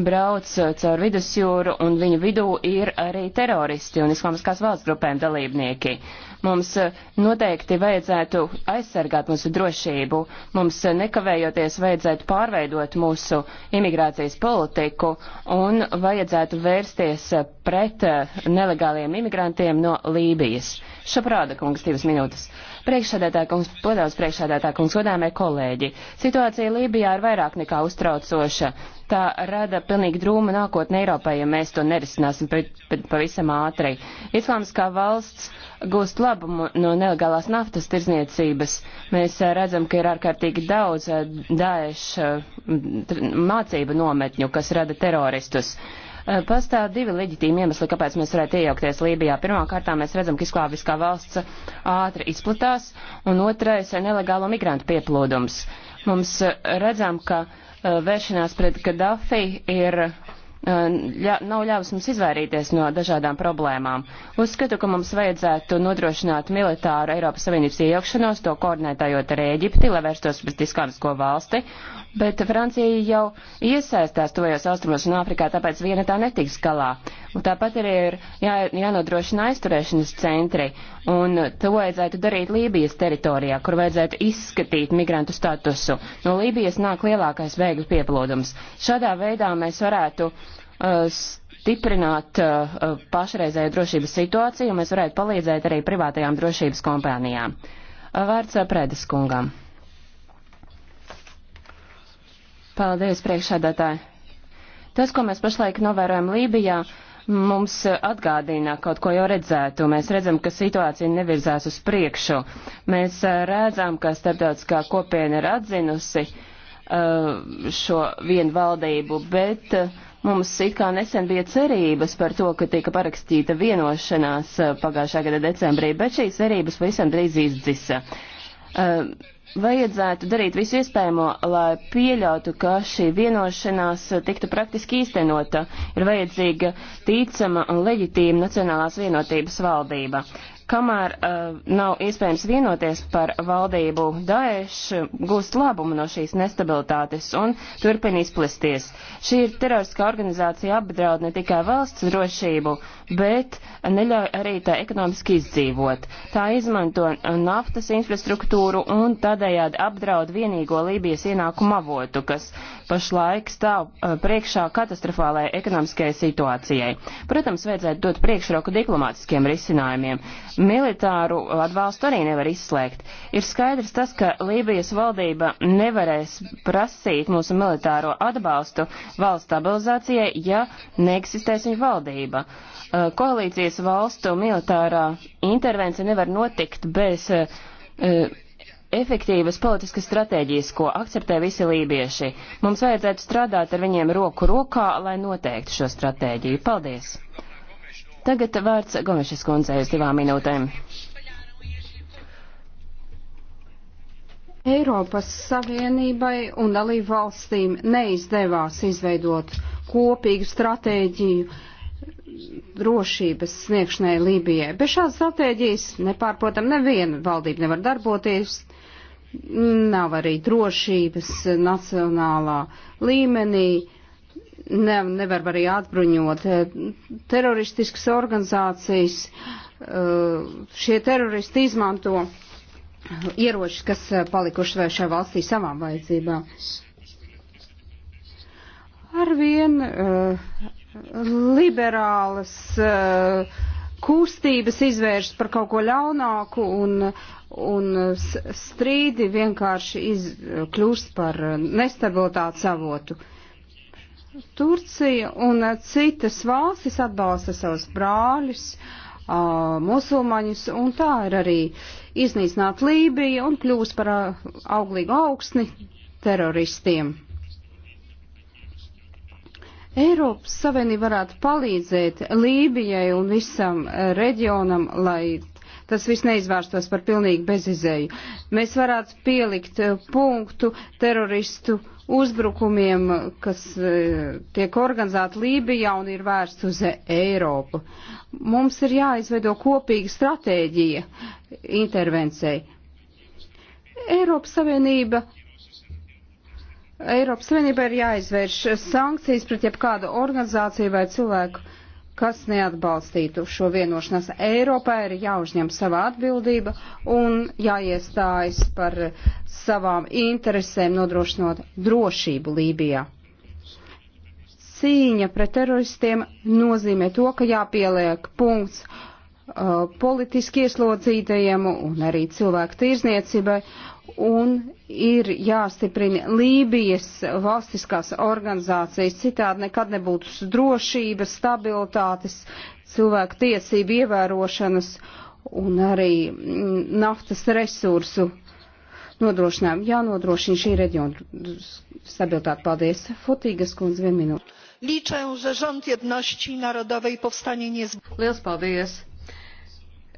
S5: brauc caur vidusjūru un viņu vidū ir arī teroristi un islamiskās valsts grupēm dalībnieki. Mums eh, noteikti vajadzētu aizsargāt mūsu drošību, mums eh, nekavējoties vajadzētu pārveidot mūsu imigrācijas politiku un vajadzētu vērsties eh, pret eh, nelegāliem imigrantiem no Lībijas. Šaprāda kungs, divas minūtes. Priekšsēdētā kungs, podāvs priekšsēdētā kungs, godāmie kolēģi. Situācija Lībijā ir vairāk nekā uztraucoša. Tā rada pilnīgi drūma nākotne Eiropai, ja mēs to nerisināsim pavisam ātri. Islāmskā valsts gūst labumu no nelegālās naftas tirzniecības. Mēs eh, redzam, ka ir ārkārtīgi daudz eh, daēšu mācību nometņu, kas rada teroristus. Eh, pastāv divi leģitīmi iemesli, kāpēc mēs varētu iejaukties Lībijā. Pirmkārt, mēs redzam, ka izklāviskā valsts ātri izplatās, un otrais - nelegālo migrantu pieplūdums. Mums eh, redzam, ka eh, vēršanās pret Gaddafi ir ļa, nav ļāvis mums izvairīties no dažādām problēmām. Uzskatu, ka mums vajadzētu nodrošināt militāru Eiropas Savienības iejaukšanos, to koordinētājot ar Ēģipti, lai vērstos pret islāmisko valsti, bet Francija jau iesaistās tuvajos austrumos un Āfrikā, tāpēc viena tā netiks galā. Un tāpat arī ir jā, jānodrošina aizturēšanas centri, un to vajadzētu darīt Lībijas teritorijā, kur vajadzētu izskatīt migrantu statusu. No Lībijas nāk lielākais bēgļu pieplūdums. Šādā veidā mēs varētu uh, stiprināt uh, pašreizēju drošības situāciju, un mēs varētu palīdzēt arī privātajām drošības kompānijām. Vārds uh, Prēdes kungam. Paldies, priekšsēdētāji. Tas, ko mēs pašlaik novērojam Lībijā, mums atgādina kaut ko jau redzētu. Mēs redzam, ka situācija nevirzās uz priekšu. Mēs eh, redzam, ka starptautiskā kopiena ir atzinusi eh, šo vienu valdību, bet eh, mums it kā nesen bija cerības par to, ka tika parakstīta vienošanās pagājušā gada decembrī, bet šīs cerības pavisam drīz izdzisa vajadzētu darīt visu iespējamo, lai pieļautu, ka šī vienošanās tiktu praktiski īstenota. Ir vajadzīga ticama un leģitīma Nacionālās vienotības valdība. Kamēr uh, nav iespējams vienoties par valdību, Daesh gūst labumu no šīs nestabilitātes un turpina izplesties. Šī ir teroriskā organizācija apdraud ne tikai valsts drošību, bet neļauj arī tā ekonomiski izdzīvot. Tā izmanto naftas infrastruktūru un tādējādi apdraud vienīgo Lībijas ienākumu avotu, kas pašlaik stāv uh, priekšā katastrofālajai ekonomiskajai situācijai. Protams, vajadzētu dot priekšroku diplomātiskiem risinājumiem. Militāru atbalstu arī nevar izslēgt. Ir skaidrs tas, ka Lībijas valdība nevarēs prasīt mūsu militāro atbalstu valsts stabilizācijai, ja neeksistēs viņa valdība. Uh, koalīcijas valstu militārā intervence nevar notikt bez uh, uh, efektīvas politiskas stratēģijas, ko akceptē visi lībieši. Mums vajadzētu strādāt ar viņiem roku rokā, lai noteiktu šo stratēģiju. Paldies! Tagad vārds Gomešas kundzei uz divām minūtēm.
S6: Eiropas Savienībai un dalību valstīm neizdevās izveidot kopīgu stratēģiju drošības sniegšanai Lībijai. Bez šādas stratēģijas nepārprotam neviena valdība nevar darboties, nav arī drošības nacionālā līmenī, ne, nevar arī atbruņot eh, teroristiskas organizācijas. Eh, šie teroristi izmanto ieroči, kas eh, palikuši vēl šajā valstī savām vajadzībām. Arvien liberālas kustības izvērst par kaut ko ļaunāku un, un strīdi vienkārši iz, kļūst par nestabilitātes avotu. Uh, Turcija un eh, citas valstis atbalsta savus brāļus, eh, musulmaņus, un tā ir arī iznīcināt Lībiju un kļūst par eh, auglīgu augsni teroristiem. Eiropas Savienība varētu palīdzēt Lībijai un visam reģionam, lai tas viss neizvērstos par pilnīgi bezizēju. Mēs varētu pielikt punktu teroristu uh, uzbrukumiem, kas e, tiek organizēti Lībijā un ir vērst uz e- Eiropu. Mums ir jāizveido kopīga stratēģija intervencei. Eiropas Savienība. Eiropas Savienība ir jāizvērš sankcijas pret jebkādu organizāciju vai cilvēku kas neatbalstītu šo vienošanos. Eiropā ir jāuzņem savā atbildība un jāiestājas par savām interesēm nodrošinot drošību Lībijā. Cīņa pret teroristiem nozīmē to, ka jāpieliek punkts uh, politiski ieslodzītajiem un arī cilvēku tirzniecībai un ir jāstiprina Lībijas valstiskās organizācijas, citādi nekad nebūtu drošības, stabilitātes, cilvēku tiesību ievērošanas un arī mm, naftas resursu nodrošinājumu. Jānodrošina šī reģiona stabilitāte. Paldies. Fotīgas kundze, vien minūte.
S2: Liczę, że rząd
S6: jedności
S4: narodowej powstanie niezbędne. Liels paldies!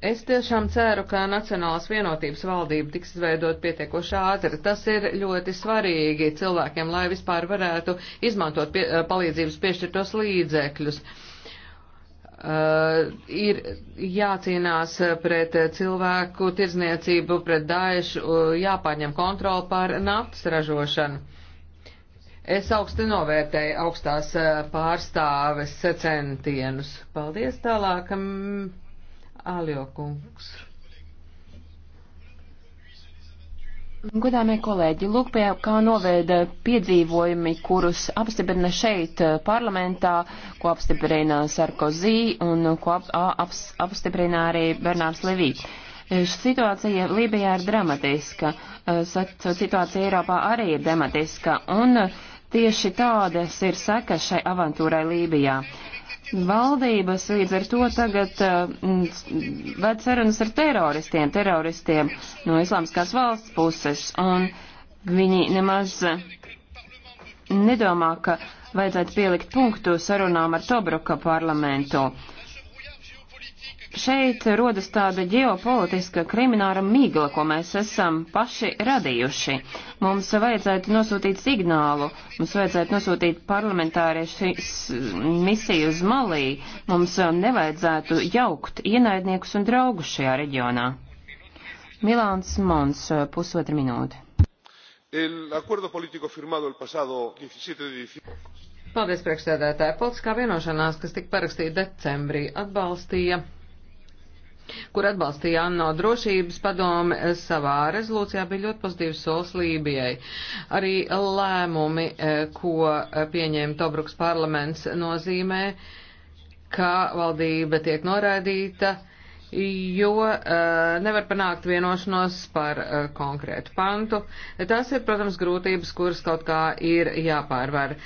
S4: Es tiešām ceru, ka Nacionālās vienotības valdība tiks izveidot pietiekoši ātri. Tas ir ļoti svarīgi cilvēkiem, lai vispār varētu izmantot pie, eh, palīdzības piešķirtos līdzekļus. Uh, ir jācīnās pret cilvēku tirzniecību, pret daišu, uh, jāpārņem kontroli pār naftas ražošanu. Es augsti novērtēju augstās eh, pārstāves centienus. Paldies tālāk. Um, Aliokungs.
S5: Godāmie kolēģi, lūk pie kā novēda piedzīvojumi, kurus apstiprina šeit eh, parlamentā, ko apstiprina Sarkozy un ko ap, ap, apstiprina arī Bernārs Levī. Eh, situācija Lībijā ir dramatiska, eh, situācija Eiropā arī ir dramatiska, un tieši tādas ir sekas šai avantūrai Lībijā. Valdības līdz ar to tagad uh, ved sarunas ar teroristiem, teroristiem no islāmskās valsts puses, un viņi nemaz eh, nedomā, ka vajadzētu pielikt punktu sarunām ar Tobruka parlamentu. Uh, Šeit rodas tāda ģeopolitiska krimināra mīgla, ko mēs esam paši radījuši. Mums vajadzētu nosūtīt signālu, mums vajadzētu nosūtīt parlamentāriešu misiju uz Malī, mums nevajadzētu jaukt ienaidniekus un draugus šajā reģionā. Milāns Mons, pusotra minūte.
S4: Paldies, priekšsēdētāji. Politiskā vienošanās, kas tika parakstīta decembrī, atbalstīja kur atbalstīja ANO drošības padome savā rezolūcijā, bija ļoti pozitīvs solis Lībijai. Arī lēmumi, eh, ko eh, pieņēma Tobruks parlaments, nozīmē, ka valdība tiek noraidīta, jo eh, nevar panākt vienošanos par konkrētu pantu. Tas ir, protams, grūtības, kuras kaut kā ir jāpārvar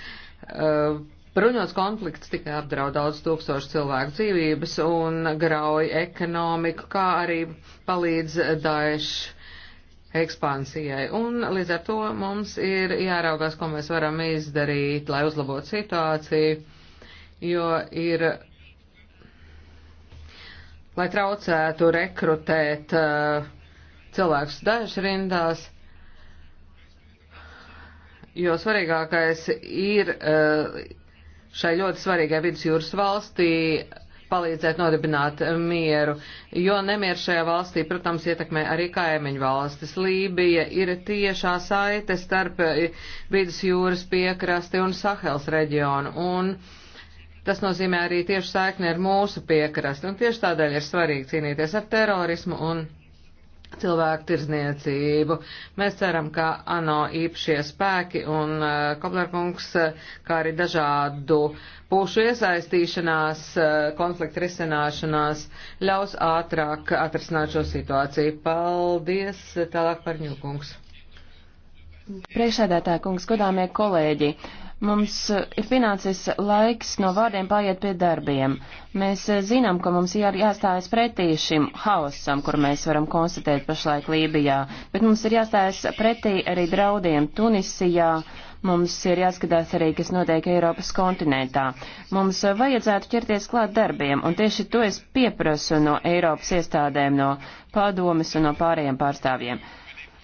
S4: Bruņots konflikts tikai apdraud daudz tūkstošu cilvēku dzīvības un grauj ekonomiku, kā arī palīdz Daesh ekspansijai. Un līdz ar to mums ir jāraugās, ko mēs varam izdarīt, lai uzlabotu situāciju, jo ir, lai traucētu rekrutēt uh, cilvēkus dažs rindās, jo svarīgākais ir uh, šai ļoti svarīgai vidusjūras valstī palīdzēt nodibināt mieru, jo nemieru šajā valstī, protams, ietekmē arī kaimiņu valstis. Lībija ir tiešā saite starp eh, vidusjūras piekrasti un Sahels reģionu. Un Tas nozīmē arī tieši saikni ar mūsu piekrasti, un tieši tādēļ ir svarīgi cīnīties ar terorismu un cilvēku tirzniecību. Mēs ceram, ka ANO īpašie spēki un uh, Koblerkungs, eh, kā arī dažādu pušu iesaistīšanās, uh, eh, konflikta risināšanās, ļaus ātrāk atrisināt šo situāciju. Paldies, tālāk par ņūkungs.
S5: Priekšsēdētāja kungs, godāmie kolēģi, uh, Mums eh, ir pienācis laiks no vārdiem pāriet pie darbiem. Mēs eh, zinām, ka mums ir jāstājas pretī šim haosam, kur mēs varam konstatēt pašlaik Lībijā, bet mums ir jāstājas pretī arī draudiem Tunisijā. Mums ir jāskatās arī, kas notiek Eiropas kontinentā. Mums eh, vajadzētu ķerties klāt darbiem, un tieši to es pieprasu no Eiropas iestādēm, no padomes un no pārējiem pārstāvjiem.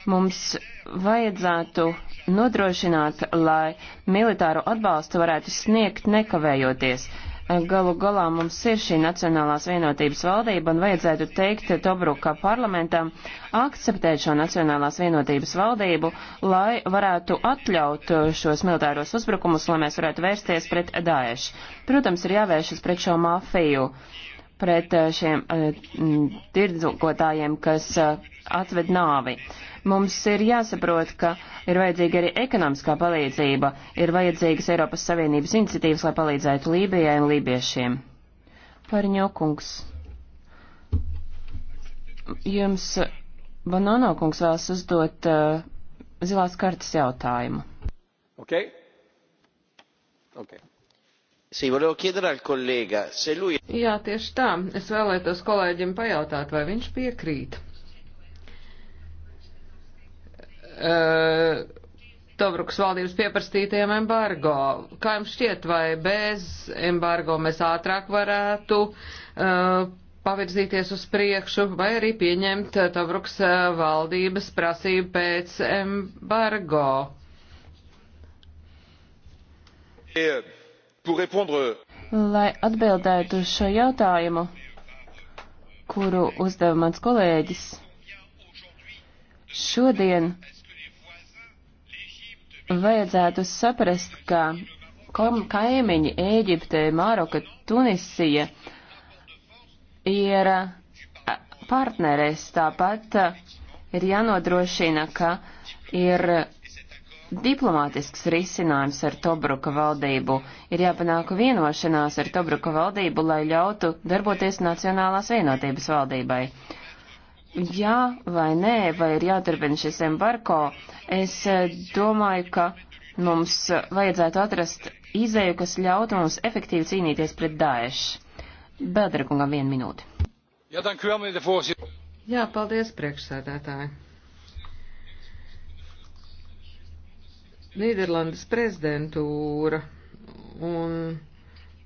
S5: Mums vajadzētu nodrošināt, lai militāru atbalstu varētu sniegt nekavējoties. Galu galā mums ir šī Nacionālās vienotības valdība un vajadzētu teikt Tobruka parlamentam akceptēt šo Nacionālās vienotības valdību, lai varētu atļaut šos militāros uzbrukumus, lai mēs varētu vērsties pret Daešu. Protams, ir jāvēršas pret šo mafiju pret šiem uh, tirdzokotājiem, kas uh, atved nāvi. Mums ir jāsaprot, ka ir vajadzīga arī ekonomiskā palīdzība, ir vajadzīgas Eiropas Savienības iniciatīvas, lai palīdzētu Lībijai un lībiešiem. Pārņokungs. Jums Banano kungs vēlas uzdot uh, zilās kartas jautājumu.
S6: Okay. Okay.
S4: Jā, tieši tā. Es vēlētos kolēģim pajautāt, vai viņš piekrīt. uh, eh, Tobrukas valdības pieprastītajiem embargo. Kā jums šķiet, vai bez embargo mēs ātrāk varētu uh, pavirzīties uz priekšu, vai arī pieņemt Tobrukas eh, valdības prasību pēc embargo?
S5: Lai atbildētu uz šo jautājumu, kuru uzdeva mans kolēģis, šodien vajadzētu saprast, ka kaimiņi Ēģipte, Maroka, Tunisija ir partnerēs. Tāpat ir jānodrošina, ka ir diplomātisks risinājums ar Tobruka valdību. Ir jāpanāk vienošanās ar Tobruka valdību, lai ļautu darboties Nacionālās vienotības valdībai jā vai nē, vai ir jāturpina šis embargo, es eh, domāju, ka mums vajadzētu atrast izēju, kas ļautu mums efektīvi cīnīties pret Daešu. Bēlderkungam vienu minūti.
S1: Jā,
S4: jā paldies, priekšsēdētāji. Nīderlandes prezidentūra un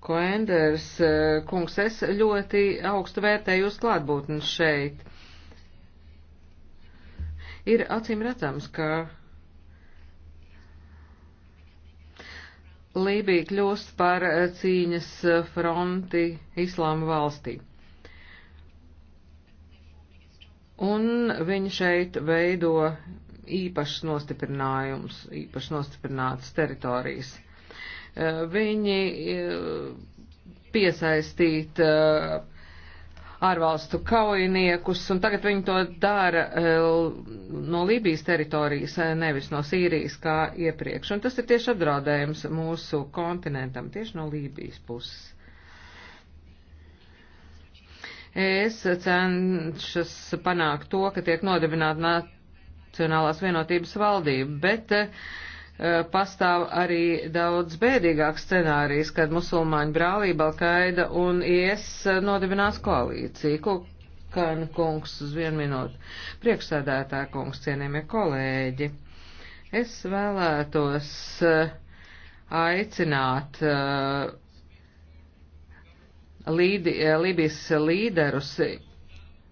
S4: Koenders eh, kungs, es ļoti augstu vērtēju uz klātbūtni šeit ir acīm redzams, ka Lībija kļūst par cīņas fronti islāma valstī. Un viņi šeit veido īpašs nostiprinājums, īpaši nostiprinātas teritorijas. Eh, viņi eh, piesaistīt eh, ārvalstu kaujiniekus, un tagad viņi to dara eh, no Lībijas teritorijas, eh, nevis no Sīrijas kā iepriekš. Un tas ir tieši apdraudējums mūsu kontinentam, tieši no Lībijas puses. Es cenšas panākt to, ka tiek nodibināta Nacionālās vienotības valdība, bet uh, Eh, pastāv arī daudz bēdīgāks scenārijs, kad musulmaņu brālība Alkaida un IS eh, nodibinās koalīciju. Kukana kungs uz vienu minūtu. Priekšsēdētā kungs, cienījamie kolēģi, es vēlētos eh, aicināt līdi, Lībijas līderus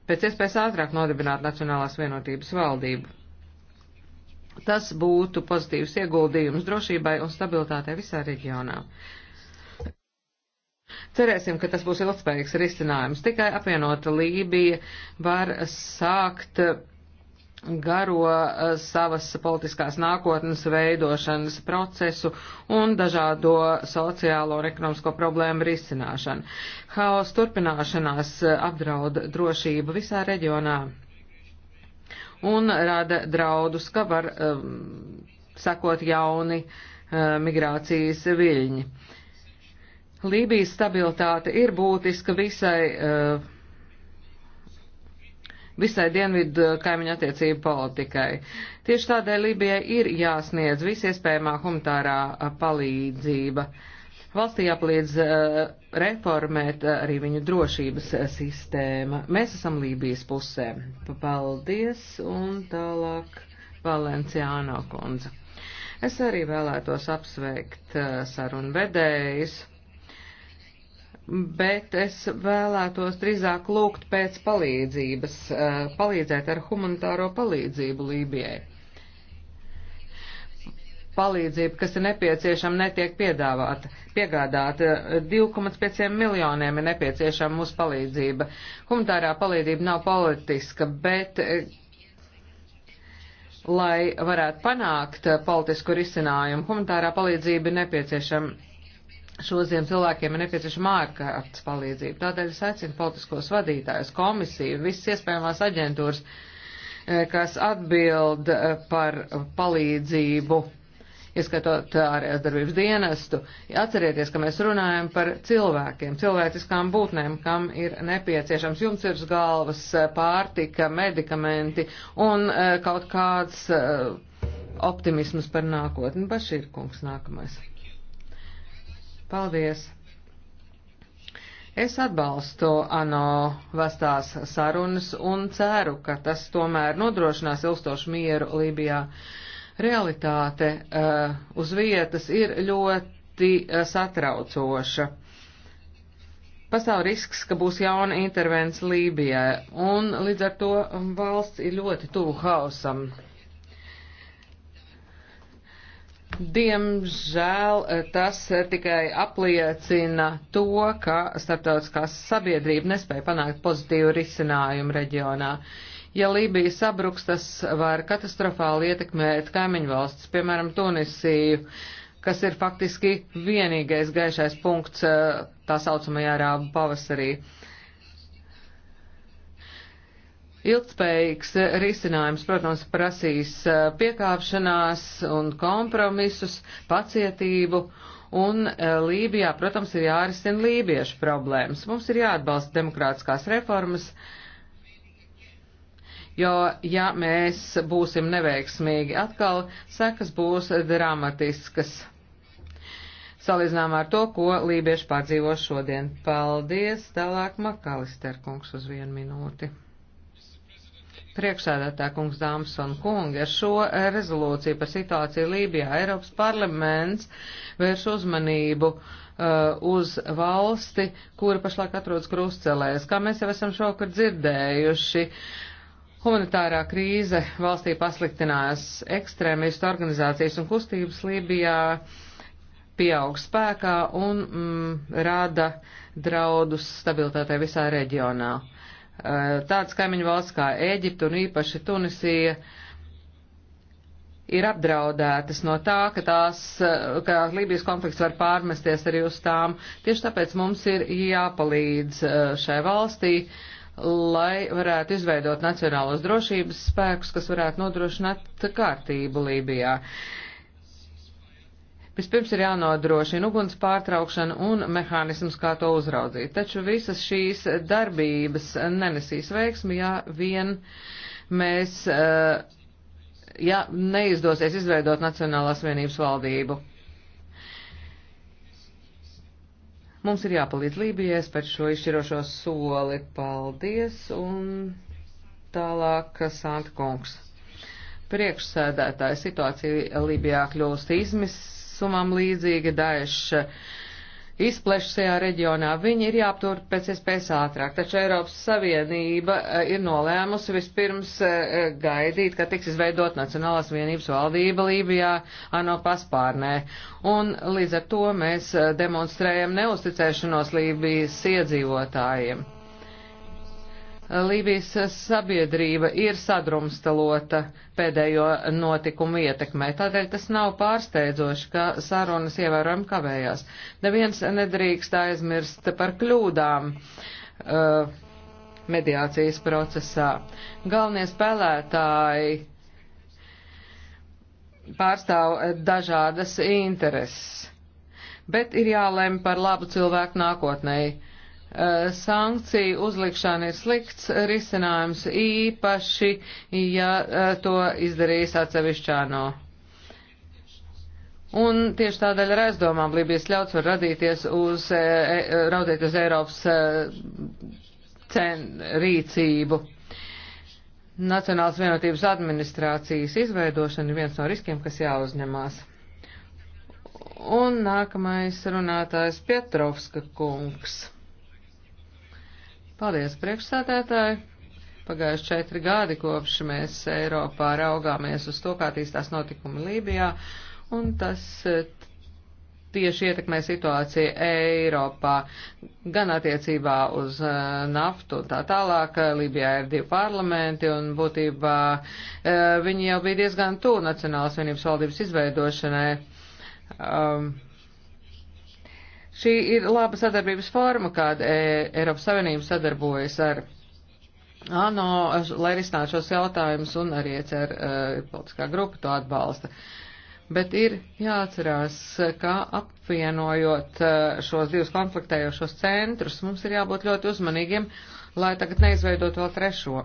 S4: pēc iespējas ātrāk nodibināt Nacionālās vienotības valdību Tas būtu pozitīvs ieguldījums drošībai un stabilitātei visā reģionā. Cerēsim, ka tas būs ilgspējīgs risinājums. Tikai apvienota Lībija var sākt garo eh, savas politiskās nākotnes veidošanas procesu un dažādo sociālo un ekonomisko problēmu risināšanu. Haos turpināšanās eh, apdraud drošību visā reģionā un rada draudus, ka var um, sakot jauni uh, migrācijas viļņi. Lībijas stabilitāte ir būtiska visai, uh, visai dienvidu kaimiņu attiecību politikai. Tieši tādēļ Lībijai ir jāsniedz visiespējamā humanitārā palīdzība. Uh, Valstī jāpaliedz eh, reformēt eh, arī viņu drošības eh, sistēma. Mēs esam Lībijas pusē. Paldies un tālāk Valenciāno kundze. Es arī vēlētos apsveikt sarunu vedējus bet es vēlētos drīzāk lūgt pēc palīdzības, palīdzēt ar humanitāro palīdzību Lībijai palīdzība, kas ir nepieciešama, netiek piedāvāta, piegādāta. 2,5 miljoniem ir nepieciešama mūsu palīdzība. Humanitārā palīdzība nav politiska, bet lai varētu panākt politisku risinājumu, humanitārā palīdzība ir nepieciešama. Šodien cilvēkiem ir nepieciešama ārkārtas palīdzība. Tādēļ es aicinu politiskos vadītājus, komisiju, visas iespējamās aģentūras, eh, kas atbild eh, par palīdzību ieskatot ārējās darbības dienestu. Atcerieties, ka mēs runājam par cilvēkiem, cilvēciskām būtnēm, kam ir nepieciešams jums ir galvas, eh, pārtika, medikamenti un eh, kaut kāds eh, optimisms par nākotni. Bašīr kungs nākamais. Paldies! Es atbalstu ANO vestās sarunas un ceru, ka tas tomēr nodrošinās ilstošu mieru Lībijā. Realitāte uh, uz vietas ir ļoti uh, satraucoša. Pastāv risks, ka būs jauna intervence Lībijai, un līdz ar to valsts ir ļoti tuvu hausam. Diemžēl eh, tas tikai apliecina to, ka starptautiskā sabiedrība nespēja panākt pozitīvu risinājumu reģionā. Uh, Ja Lībija sabruks, tas var katastrofāli ietekmēt kaimiņvalsts, piemēram, Tunisiju, kas ir faktiski vienīgais gaišais punkts eh, tā saucamajā rābu pavasarī. Ilgtspējīgs risinājums, protams, prasīs eh, piekāpšanās un kompromisus, pacietību un eh, Lībijā, protams, ir jārisina lībiešu problēmas. Mums ir jāatbalsta demokrātiskās reformas, uh, jo, ja mēs būsim neveiksmīgi atkal, sekas būs dramatiskas. Salīdzinām ar to, ko lībieši pārdzīvo šodien. Paldies, tālāk Makalister kungs uz vienu minūti. Priekšsēdētā kungs dāmas un kungi, ar šo rezolūciju par situāciju Lībijā Eiropas parlaments vērš uzmanību uh, uz valsti, kura pašlaik atrodas krustcelēs. Kā mēs jau esam šokar dzirdējuši, uh, Humanitārā krīze valstī pasliktinās ekstrēmistu organizācijas un kustības Lībijā pieaug spēkā un mm, rada draudus stabilitātei visā reģionā. Eh, Tāds kaimiņu valsts kā Ēģipta un īpaši Tunisija ir apdraudētas no tā, ka, tās, eh, ka Lībijas konflikts var pārmesties arī uz tām. Tieši tāpēc mums ir jāpalīdz eh, šai valstī uh, lai varētu izveidot nacionālos drošības spēkus, kas varētu nodrošināt kārtību Lībijā. Vispirms ir jānodrošina uguns pārtraukšana un mehānisms, kā to uzraudzīt. Taču visas šīs darbības nenesīs veiksmi, ja vien mēs, eh, ja neizdosies izveidot Nacionālās vienības valdību. Mums ir jāpalīdz Lībijai pēc šo izšķirošo soli. Paldies! Un tālāk Santa Kungs. Priekšsēdētāja situācija Lībijā kļūst izmisumam līdzīga Daeša izplešas šajā reģionā. Viņi ir jāaptur pēc iespējas ātrāk, taču Eiropas Savienība eh, ir nolēmusi vispirms eh, gaidīt, ka tiks izveidot Nacionālās vienības valdība Lībijā, ANO paspārnē. Un līdz ar to mēs eh, demonstrējam neusticēšanos Lībijas iedzīvotājiem. Lībijas sabiedrība ir sadrumstalota pēdējo notikumu ietekmē, tādēļ tas nav pārsteidzoši, ka sarunas ievērojami kavējās. Neviens nedrīkst aizmirst par kļūdām. Uh, mediācijas procesā. Galvenie spēlētāji pārstāv dažādas intereses, bet ir jālem par labu cilvēku nākotnēji Eh, sankciju uzlikšana ir slikts risinājums īpaši, ja eh, to izdarīs atsevišķā no. Un tieši tādēļ ar aizdomām Lībijas ļauts var radīties uz, eh, e, raudīt uz Eiropas cen, rīcību. Nacionālas vienotības administrācijas izveidošana ir viens no riskiem, kas jāuzņemās. Un nākamais runātājs Pietrovska kungs. Paldies, priekšsēdētāji! Pagājuši četri gadi, kopš mēs Eiropā raugāmies uz to, kā attīstās notikumi Lībijā, un tas eh, tieši ietekmē situāciju Eiropā, gan attiecībā uz eh, naftu un tā tālāk. Eh, Lībijā ir divi parlamenti un būtībā viņi jau bija diezgan tuvu Nacionālas vienības valdības izveidošanai. Um, Šī ir laba sadarbības forma, kāda e, Eiropas Savienība sadarbojas ar ANO, lai risinātu šos jautājumus, un arī ECR e, politiskā grupa to atbalsta. Bet ir jāatcerās, ka apvienojot e, šos divus konfliktējošos centrus, mums ir jābūt ļoti uzmanīgiem, lai tagad neizveidot vēl trešo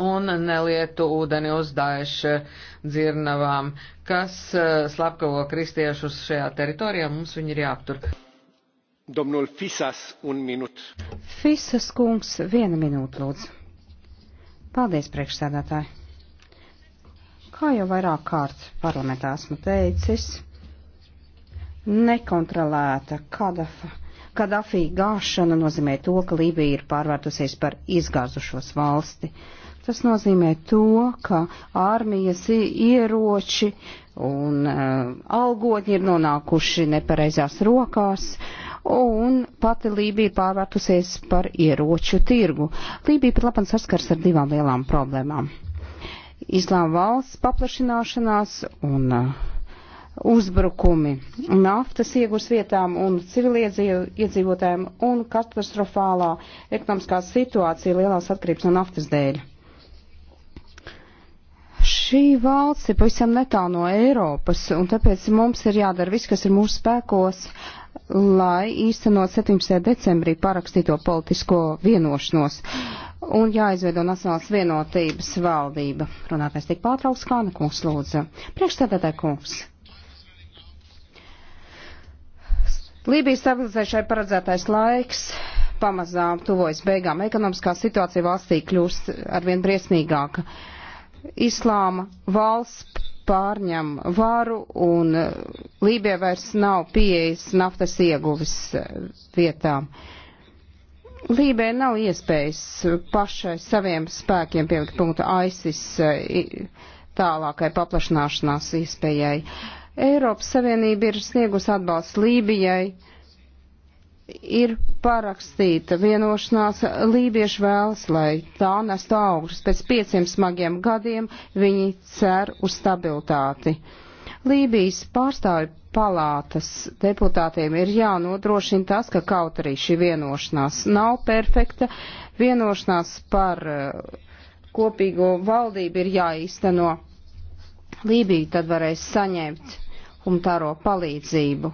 S4: un nelietu ūdeni uz daišu dzirnavām, kas eh, slepkavo kristiešus šajā teritorijā, mums viņi ir jāaptur.
S1: Domnul Fisas, un minūt.
S6: Fisas kungs, viena minūte, lūdzu. Paldies, priekšsēdētāji. Kā jau vairāk kārt parlamentā esmu teicis, nekontrolēta Kadafa. Kadafī gāšana nozīmē to, ka Lībija ir pārvērtusies par izgāzušos valsti. Uh, Tas nozīmē to, ka armijas ieroči un uh, algotņi ir nonākuši nepareizās rokās, un pati Lībija pārvērtusies par ieroču tirgu. Lībija pat labam saskars ar divām lielām problēmām. Islāma valsts paplašināšanās un uh, uzbrukumi naftas iegūs vietām un civiliedzīvotājiem un katastrofālā ekonomiskā situācija lielās atkarības no naftas dēļ. Šī valsts ir pavisam netālu no Eiropas, un tāpēc mums ir jādara viss, kas ir mūsu spēkos, lai īstenot 17. decembrī parakstīto politisko vienošanos. Un jāizveido Nacionālas vienotības valdība. Runātais tik pārtrauks, kā nekungs lūdza. Priekšstādātāji kungs. Lībijas stabilizēšai paredzētais laiks pamazām tuvojas beigām. Ekonomiskā situācija valstī kļūst arvien briesmīgāka. Uh, islāma valsts pārņem varu un eh, Lībija vairs nav pieejas naftas ieguvis eh, vietām. Lībijai nav iespējas pašai saviem spēkiem pielikt punktu ISIS eh, tālākai paplašanāšanās iespējai. Eiropas Savienība ir sniegus atbalsts Lībijai ir parakstīta vienošanās. Lībieši vēlas, lai tā nestu augļus. Pēc pieciem smagiem gadiem viņi cer uz stabilitāti. Lībijas pārstāvju palātas deputātiem ir jānodrošina tas, ka kaut arī šī vienošanās nav perfekta, vienošanās par eh, kopīgo valdību ir jāīsteno. Lībija tad varēs saņemt humanitāro palīdzību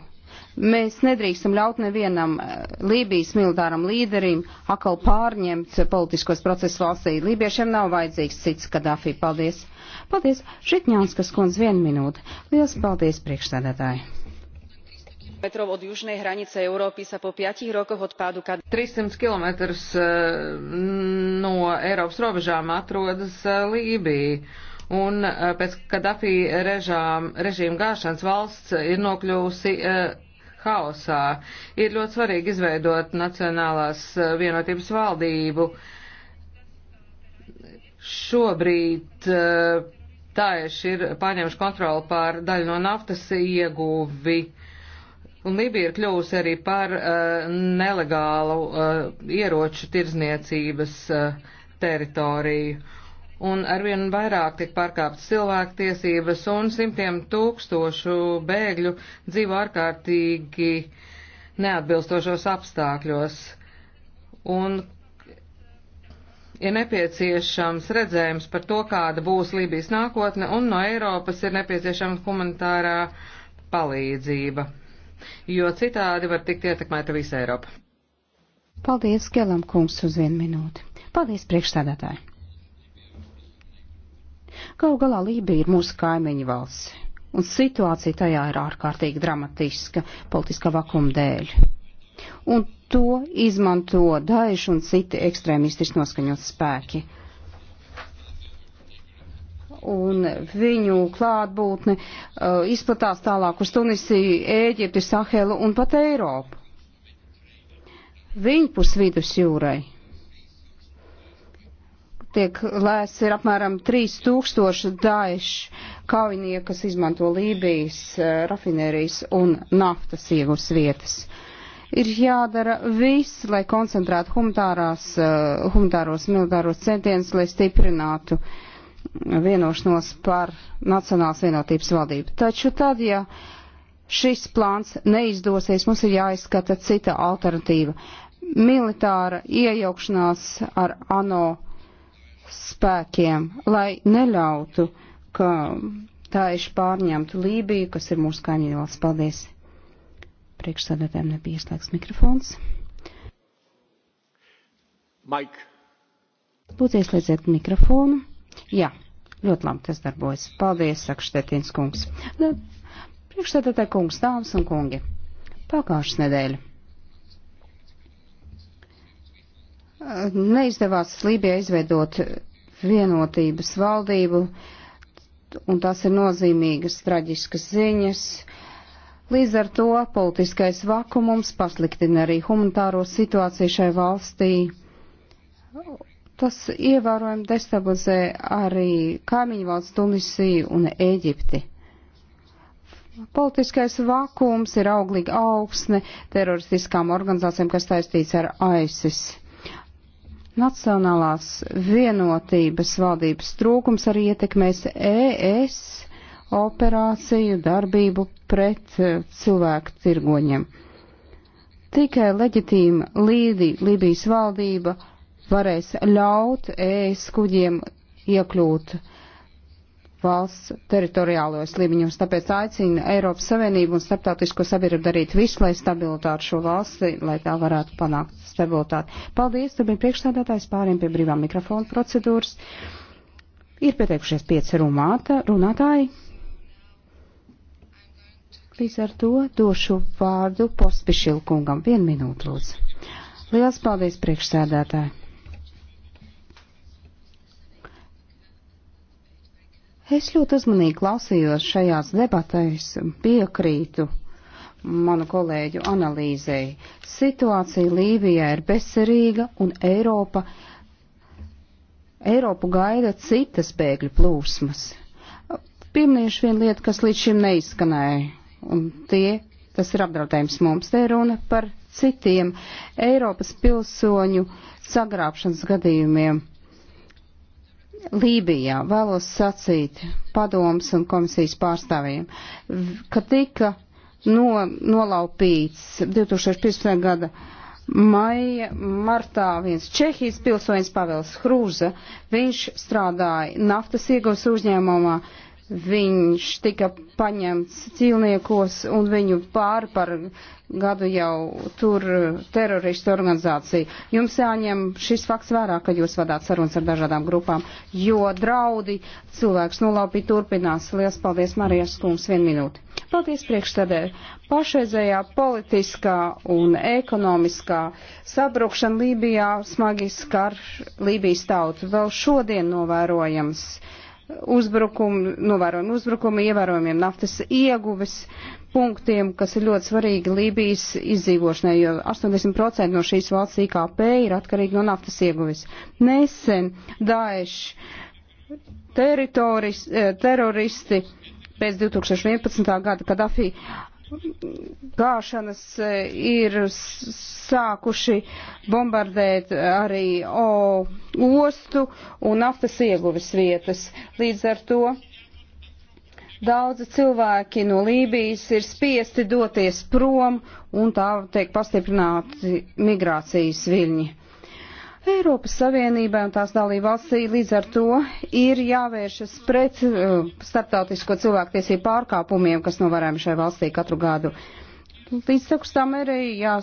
S6: Mēs nedrīkstam ļaut nevienam eh, Lībijas militāram līderim atkal pārņemt politiskos procesus valstī. Lībiešiem nav vajadzīgs cits Kadafī. Paldies! Paldies! Žitņānskas kundze, viena minūte. Lielas paldies, priekšsēdētāji! kilometrov od južnej hranice európy sa po piatich rokoch od pádu kaddáfi.
S4: 300 kilometrus eh, no Eiropas robežām atrodas eh, Lībija. Un pēc Kadafī režīm gāšanas valsts ir nokļūsi haosā. Ir ļoti svarīgi izveidot Nacionālās eh, vienotības valdību. Šobrīd Taieši eh, ir paņēmuši kontroli pār daļu no naftas ieguvi. Un Libija ir kļuvusi arī par uh, nelegālu uh, ieroču tirzniecības uh, teritoriju un arvien vairāk tiek pārkāptas cilvēktiesības, un simtiem tūkstošu bēgļu dzīvo ārkārtīgi neatbilstošos apstākļos. Un ir nepieciešams redzējums par to, kāda būs Lībijas nākotne, un no Eiropas ir nepieciešama humanitārā palīdzība, jo citādi var tikt ietekmēta visa Eiropa.
S6: Paldies, Gelam kungs, uz vienu minūti. Paldies, priekšstādātāji! Gau galā Lībija ir mūsu kaimiņu valsts, un situācija tajā ir ārkārtīgi dramatiska politiskā vakuma dēļ. Un to izmanto Daesh un citi ekstrēmistiski noskaņot spēki. Un viņu klātbūtne uh, izplatās tālāk uz Tunisiju, Ēģipti, Sahelu un pat Eiropu. Viņu pus vidus jūrai tiek lēsts ir apmēram 3000 daišu kaujinieku, kas izmanto Lībijas eh, rafinērijas un naftas ievus vietas. Ir jādara viss, lai koncentrētu humanitārās, eh, humanitāros militāros centienus, lai stiprinātu vienošanos par Nacionālas vienotības valdību. Taču tad, ja šis plāns neizdosies, mums ir jāizskata cita alternatīva militāra iejaukšanās ar ANO spēkiem, lai neļautu, ka Taiši pārņemtu Lībiju, kas ir mūsu kaimiņu valsts. Paldies! Priekšsādātājiem nebija ieslēgts mikrofons. Maik. Lūdzu, ieslēdziet mikrofonu. Jā, ļoti labi tas darbojas. Paldies, saka Štetins kungs. Nu, Priekšsādātāja kungs, dāmas un kungi. Pagājušas nedēļa. neizdevās Lībijai izveidot vienotības valdību, un tās ir nozīmīgas traģiskas ziņas. Līdz ar to politiskais vakumums pasliktina arī humanitāro situāciju šai valstī. Tas ievērojami destabilizē arī kaimiņu valsts Tunisiju un Ēģipti. Politiskais vakums ir auglīga augsne teroristiskām organizācijām, kas saistīts ar ISIS Nacionālās vienotības valdības trūkums arī ietekmēs ES operāciju darbību pret e, cilvēku tirgoņiem. Tikai leģitīma līdī Libijas valdība varēs ļaut ES kuģiem iekļūt valsts teritoriālajos līmeņos. Tāpēc aicina Eiropas Savienību un starptautisko sabiedrību darīt visu, lai stabilitātu šo valsti, lai tā varētu panākt stabilitāti. Paldies, tur bija priekšstādātājs pāriem pie brīvā mikrofona procedūras. Ir pieteikušies pieci runāta, runātāji. Līdz ar to došu vārdu Pospišilkungam. Vienu minūtu, lūdzu. Liels paldies, priekšsēdētāji! Es ļoti uzmanīgi klausījos šajās debatēs, piekrītu manu kolēģu analīzei. Situācija Lībijā ir bezcerīga un Eiropa, Eiropu gaida citas bēgļu plūsmas. Pieminēšu vienu lietu, kas līdz šim neizskanēja, un tie, tas ir apdraudējums mums. Te runa par citiem Eiropas pilsoņu sagrābšanas gadījumiem Lībijā vēlos sacīt padoms un komisijas pārstāvjiem, ka tika no, nolaupīts 2015. gada maija, martā viens Čehijas pilsoņas Pavels Hrūza. Viņš strādāja naftas ieguvas uzņēmumā, Viņš tika paņemts cilniekos un viņu pāri par gadu jau tur teroristu organizācija. Jums jāņem šis fakts vērā, ka jūs vadāt sarunas ar dažādām grupām, jo draudi cilvēks nolaupīt turpinās. Lielas paldies, Marijas Kungs, vienu minūti. Paldies priekšstādē. Pašreizējā politiskā un ekonomiskā sabrukšana Lībijā smagi skar Lībijas tautu. Vēl šodien novērojams uzbrukumu, novērojami uzbrukumu ievērojumiem naftas ieguves punktiem, kas ir ļoti svarīgi Lībijas izdzīvošanai, jo 80% no šīs valsts IKP ir atkarīgi no naftas ieguves. Nesen Daesh eh, teroristi pēc 2011. gada Kadafī gāšanas e, ir sākuši bombardēt arī o, ostu un naftas ieguves vietas. Līdz ar to daudzi cilvēki no Lībijas ir spiesti doties prom un tā tiek pastiprināti migrācijas viļņi. Eiropas Savienībai un tās dalībvalstī līdz ar to ir jāvēršas pret uh, starptautisko cilvēktiesību pārkāpumiem, kas novērojami šai valstī katru gadu. Līdz sakustām arī jā,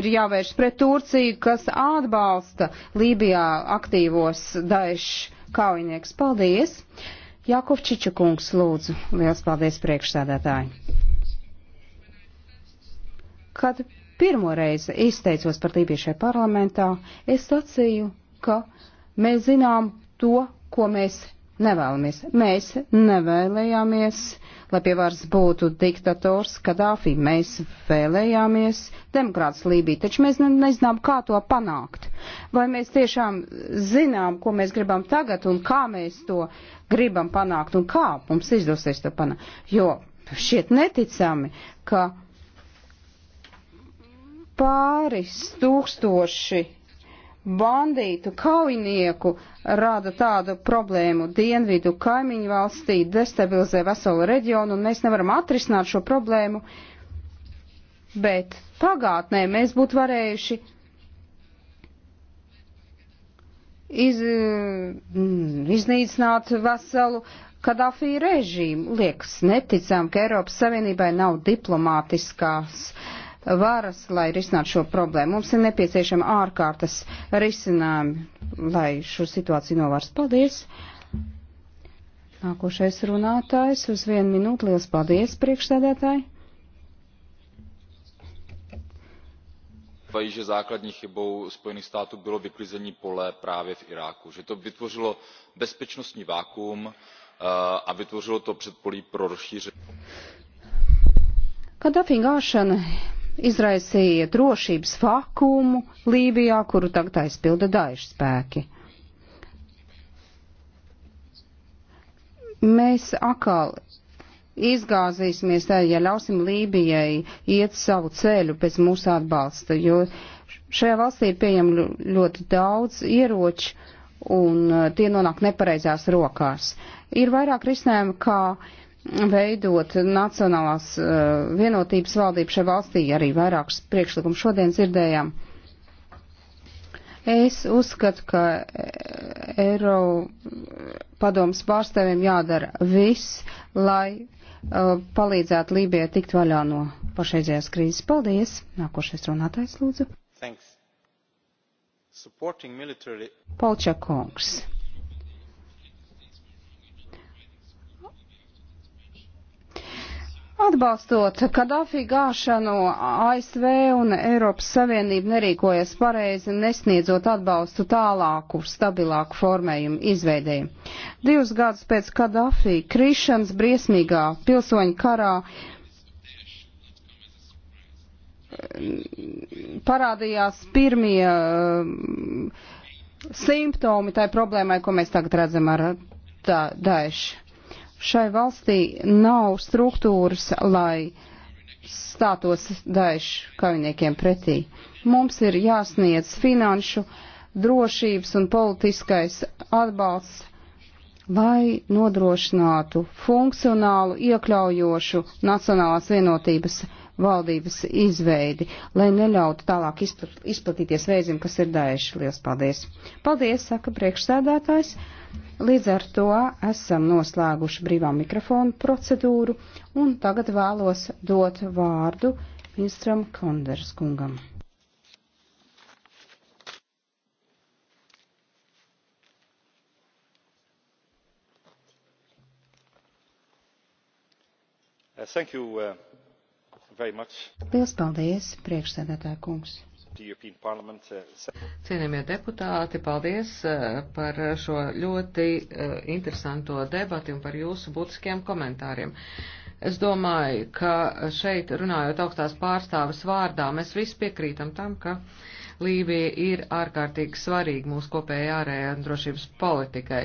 S6: ir jāvērš pret Turciju, kas atbalsta Lībijā aktīvos daišu kaujinieks. Paldies! Jakov Čičukungs lūdzu. Liels paldies priekšsēdētāji! Kad pirmo reizi izteicos par Lībiju šajā parlamentā, es sacīju, ka mēs zinām to, ko mēs nevēlamies. Mēs nevēlējāmies, lai pie varas būtu diktators Kadāfi. Mēs vēlējāmies demokrātas Lībiju, taču mēs nezinām, kā to panākt. Vai mēs tiešām zinām, ko mēs gribam tagad un kā mēs to gribam panākt un kā mums izdosies to panākt. Jo šķiet neticami, ka pāris tūkstoši bandītu kaujinieku rada tādu problēmu dienvidu kaimiņu valstī, destabilizē veselu reģionu, un mēs nevaram atrisināt šo problēmu, bet pagātnē mēs būtu varējuši iz, mm, iznīcināt veselu Kadafī režīmu. Liekas neticām, ka Eiropas Savienībai nav diplomātiskās uh, varas, lai risinātu šo problēmu. Mums ir nepieciešama ārkārtas risinājumi, lai šo situāciju novērst. Paldies! Nākošais runātājs uz vienu minūti. Liels paldies, priekšsēdētāji!
S1: že základní chybou spojených států bylo vyklizení pole právě v iráku že to vytvořilo bezpečnostní vakuum eh, a vytvořilo to předpolí pro rozšíření
S6: izraisīja drošības vakumu Lībijā, kuru tagad aizpilda daišu spēki. Mēs atkal izgāzīsimies, tā, ja ļausim Lībijai iet savu ceļu bez mūsu atbalsta, jo šajā valstī pieejam ļoti daudz ieroču un uh, tie nonāk nepareizās rokās. Ir vairāk risinājumu, kā veidot Nacionālās uh, vienotības valdību šajā valstī, arī vairākus priekšlikumus šodien dzirdējām. Es uzskatu, ka eh, Eiro eh, padomas pārstāvjiem jādara viss, lai uh, palīdzētu Lībijai tikt vaļā no pašreizējās krīzes. Paldies! Nākošais runātājs lūdzu. Thanks. Military... Polčakungs. Atbalstot Kadāfī gāšanu, ASV un Eiropas Savienība nerīkojas pareizi, nesniedzot atbalstu tālāku, stabilāku formējumu izveidēju. Divus gadus pēc Kadāfī krišanas briesmīgā pilsoņu karā mm, parādījās pirmie uh, simptomi tai problēmai, ko mēs tagad redzam ar Daešu. Šai valstī nav struktūras, lai stātos daišu kaujiniekiem pretī. Mums ir jāsniedz finanšu, drošības un politiskais atbalsts, lai nodrošinātu funkcionālu, iekļaujošu Nacionālās vienotības valdības izveidi, lai neļautu tālāk izplatīties veizim, kas ir daiši. Lielas paldies! Paldies, saka priekšsēdētājs. Līdz ar to esam noslēguši brīvā mikrofonu procedūru un tagad vēlos dot vārdu ministram Konders kungam.
S1: Uh, thank you, uh, Lielas
S6: paldies, priekšsēdētāja kungs.
S1: Uh,
S4: Cienījamie deputāti, paldies uh, par šo ļoti uh, interesanto debati un par jūsu būtiskiem komentāriem. Es domāju, ka šeit runājot augstās pārstāvis vārdā, mēs visi piekrītam tam, ka uh, Lībija ir ārkārtīgi svarīga mūsu kopējai ārējai un drošības politikai.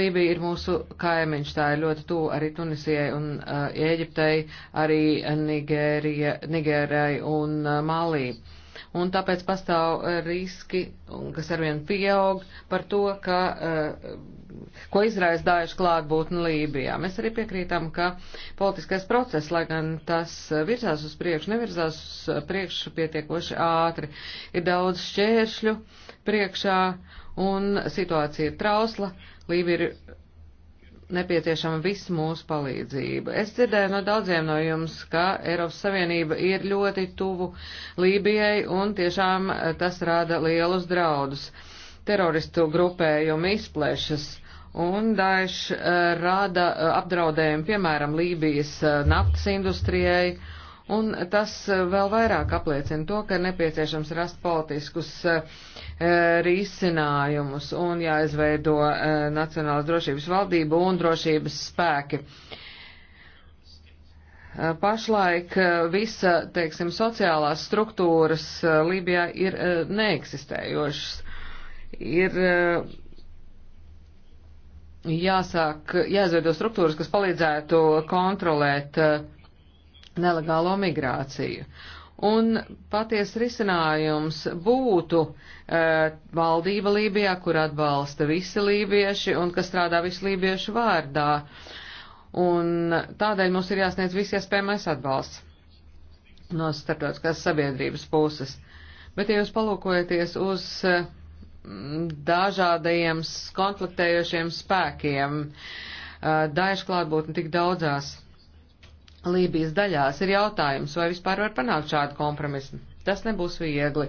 S4: Lībija ir mūsu kaimiņš, tā ir ļoti tuvu arī Tunisijai un uh, Ēģiptei, arī Nigērijai un uh, Malī un tāpēc pastāv eh, riski, kas arvien pieaug, par to, ka, eh, ko izraisa Dāieša klātbūtne Lībijā. Mēs arī piekrītam, ka politiskais process, lai gan tas virzās uz priekšu, nevirzās uz priekšu pietiekoši ātri, ir daudz šķēršļu priekšā, un situācija ir trausla, Lībija ir nepieciešama viss mūsu palīdzība. Es dzirdēju no daudziem no jums, ka Eiropas Savienība ir ļoti tuvu Lībijai un tiešām eh, tas rada lielus draudus. Teroristu grupējumi izplēšas un Daesh eh, rada eh, apdraudējumu piemēram Lībijas naftas industrijai Un tas eh, vēl vairāk apliecina to, ka nepieciešams rast politiskus e, risinājumus un jāizveido e, eh, Nacionālas drošības valdību un drošības spēki. Pašlaik visa, teiksim, sociālās struktūras Lībijā ir e, neeksistējošas. Ir jāsāk, jāizveido struktūras, kas palīdzētu kontrolēt uh, nelegālo migrāciju. Un paties risinājums būtu e, valdība Lībijā, kur atbalsta visi lībieši un kas strādā visu lībiešu vārdā. Un tādēļ mums ir jāsniedz visi iespējamais atbalsts no starptautiskās sabiedrības puses. Bet, ja jūs palūkojaties uz e, dažādajiem konfliktējošiem spēkiem, e, Daesh klātbūtni tik daudzās Lībijas daļās ir jautājums, vai vispār var panākt šādu kompromisu. Tas nebūs viegli.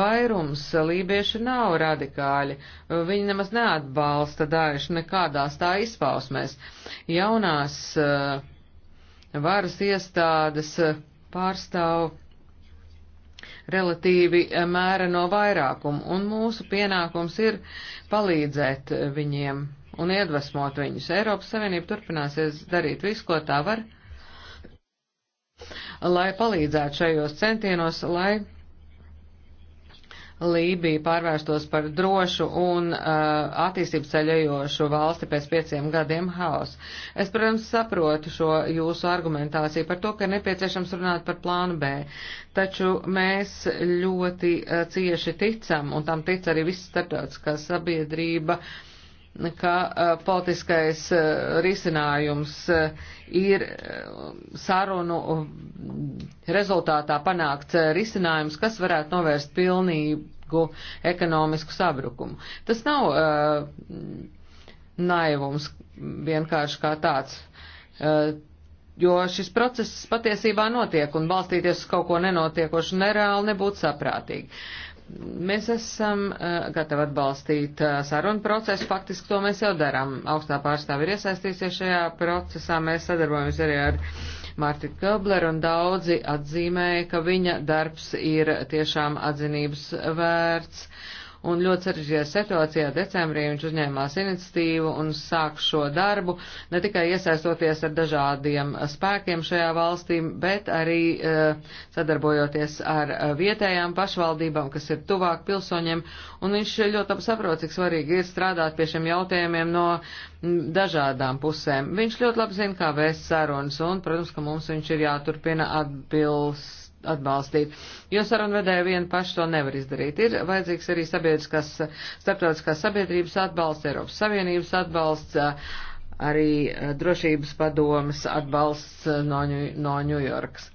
S4: Vairums lībieši nav radikāļi. Viņi nemaz neatbalsta daļu nekādās tā izpausmēs. Jaunās uh, varas iestādes uh, pārstāv relatīvi eh, mēra no vairākumu, un mūsu pienākums ir palīdzēt viņiem un iedvesmot viņus. Eiropas Savienība turpināsies darīt visu, ko tā var lai palīdzētu šajos centienos, lai Lībija pārvērstos par drošu un uh, attīstību ceļojošu valsti pēc pieciem gadiem haos. Es, protams, saprotu šo jūsu argumentāciju par to, ka ir nepieciešams runāt par plānu B, taču mēs ļoti uh, cieši ticam, un tam tic arī viss starptautiskā sabiedrība, uh, ka uh, politiskais uh, risinājums uh, ir sarunu rezultātā panākts risinājums, kas varētu novērst pilnīgu ekonomisku sabrukumu. Tas nav naivums vienkārši kā tāds, jo šis process patiesībā notiek un balstīties uz kaut ko nenotiekošu nereāli nebūtu saprātīgi. Mēs esam uh, gatavi atbalstīt uh, sarunu procesu, faktiski to mēs jau darām. Augstā pārstāve ir iesaistījusies šajā procesā, mēs sadarbojamies arī ar Mārtiņu Köbleru un daudzi atzīmēja, ka viņa darbs ir tiešām atzinības vērts. Uh, un ļoti sarežģījā situācijā decembrī viņš uzņēmās iniciatīvu un sāk šo darbu, ne tikai iesaistoties ar dažādiem spēkiem šajā valstī, bet arī uh, sadarbojoties ar eh, vietējām pašvaldībām, kas ir tuvāk pilsoņiem, un viņš ļoti labi saprot, cik svarīgi ir strādāt pie šiem jautājumiem no mm, dažādām pusēm. Viņš ļoti labi zina, kā vēst sarunas, un, protams, ka mums viņš ir jāturpina atbilst atbalstīt, jo sarunvedēja viena paša to nevar izdarīt. Ir vajadzīgs arī sabiedriskās, starptautiskās sabiedrības atbalsts, Eiropas Savienības atbalsts, arī eh, drošības padomas atbalsts eh, no, no Ņujorkas.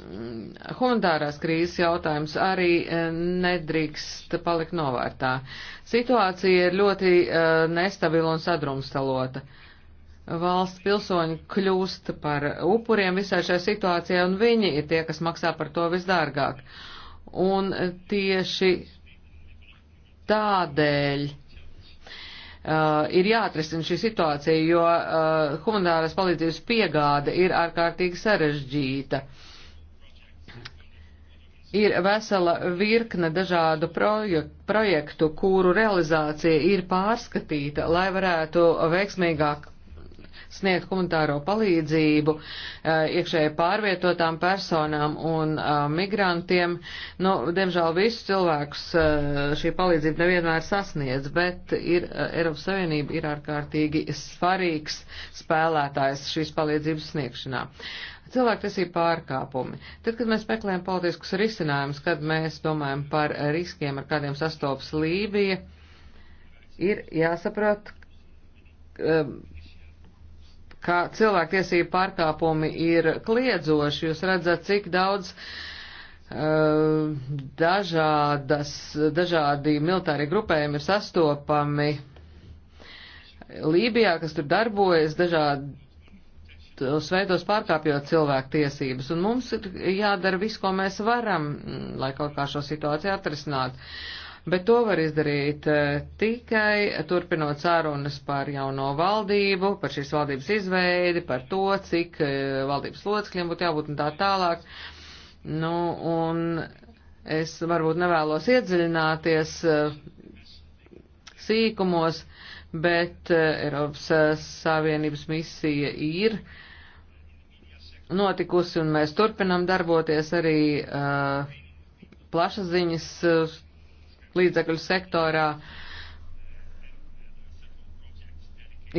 S4: Mm, humanitārās krīzes jautājums arī eh, nedrīkst palikt novārtā. Situācija ir ļoti nestabila un sadrumstalota. Uh, valsts pilsoņi kļūst par upuriem visai šai situācijai, un viņi ir tie, kas maksā par to visdārgāk. Un tieši tādēļ uh, ir jāatrisina šī situācija, jo uh, humanitāras palīdzības piegāde ir ārkārtīgi sarežģīta. Ir vesela virkne dažādu projektu, kuru realizācija ir pārskatīta, lai varētu veiksmīgāk sniegt humanitāro palīdzību iekšēji pārvietotām personām un migrantiem. Nu, diemžēl visus cilvēkus šī palīdzība nevienmēr sasniedz, bet ir, Eiropas Savienība ir ārkārtīgi svarīgs spēlētājs šīs palīdzības sniegšanā cilvēktiesību pārkāpumi. Tad, kad mēs meklējam politiskus risinājumus, kad mēs domājam par riskiem, ar kādiem sastopas Lībija, ir jāsaprot, ka cilvēktiesību pārkāpumi ir kliedzoši. Jūs redzat, cik daudz uh, dažādas, dažādi militāri grupējumi ir sastopami Lībijā, kas tur darbojas dažādos veidos pārkāpjot cilvēku tiesības. Un mums ir jādara viss, ko mēs varam, mm, lai kaut kā šo situāciju atrisināt. Uh, bet to var izdarīt eh, tikai turpinot sarunas par jauno valdību, par šīs valdības izveidi, par to, cik eh, valdības locekļiem būtu jābūt un tā tālāk. Nu, un es varbūt nevēlos iedziļināties eh, sīkumos, bet Eiropas Savienības misija ir notikusi un mēs turpinam darboties arī uh, plašsaziņas uh, līdzekļu sektorā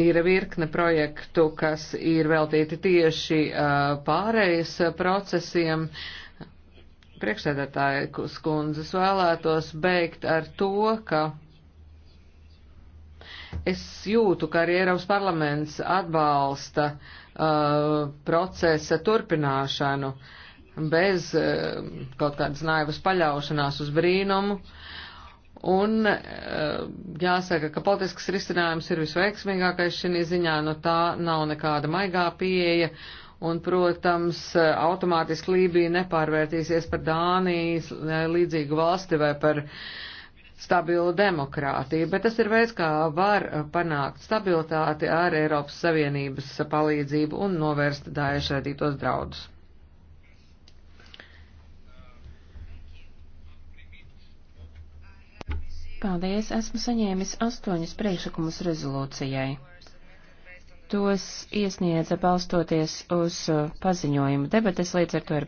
S4: ir virkne projektu, kas ir veltīti tieši uh, pārējas procesiem. Priekšsēdētāja skundzes vēlētos beigt ar to, ka es jūtu, ka arī Eiropas parlaments atbalsta uh, procesa turpināšanu bez uh, kaut kādas naivas paļaušanās uz brīnumu. Uh, Un eh, jāsaka, ka politisks risinājums ir visveiksmīgākais šī ziņā, no tā nav nekāda maigā pieeja. Un, protams, automātiski Lībija nepārvērtīsies par Dānijas eh, līdzīgu valsti vai par stabilu demokrātiju, bet tas ir veids, kā var panākt stabilitāti ar Eiropas Savienības palīdzību un novērst dāiešu radītos draudus.
S5: Paldies, esmu saņēmis astoņus priekšlikumus rezolūcijai. Tos iesniedza balstoties uz uh, paziņojumu debates, līdz ar to ir.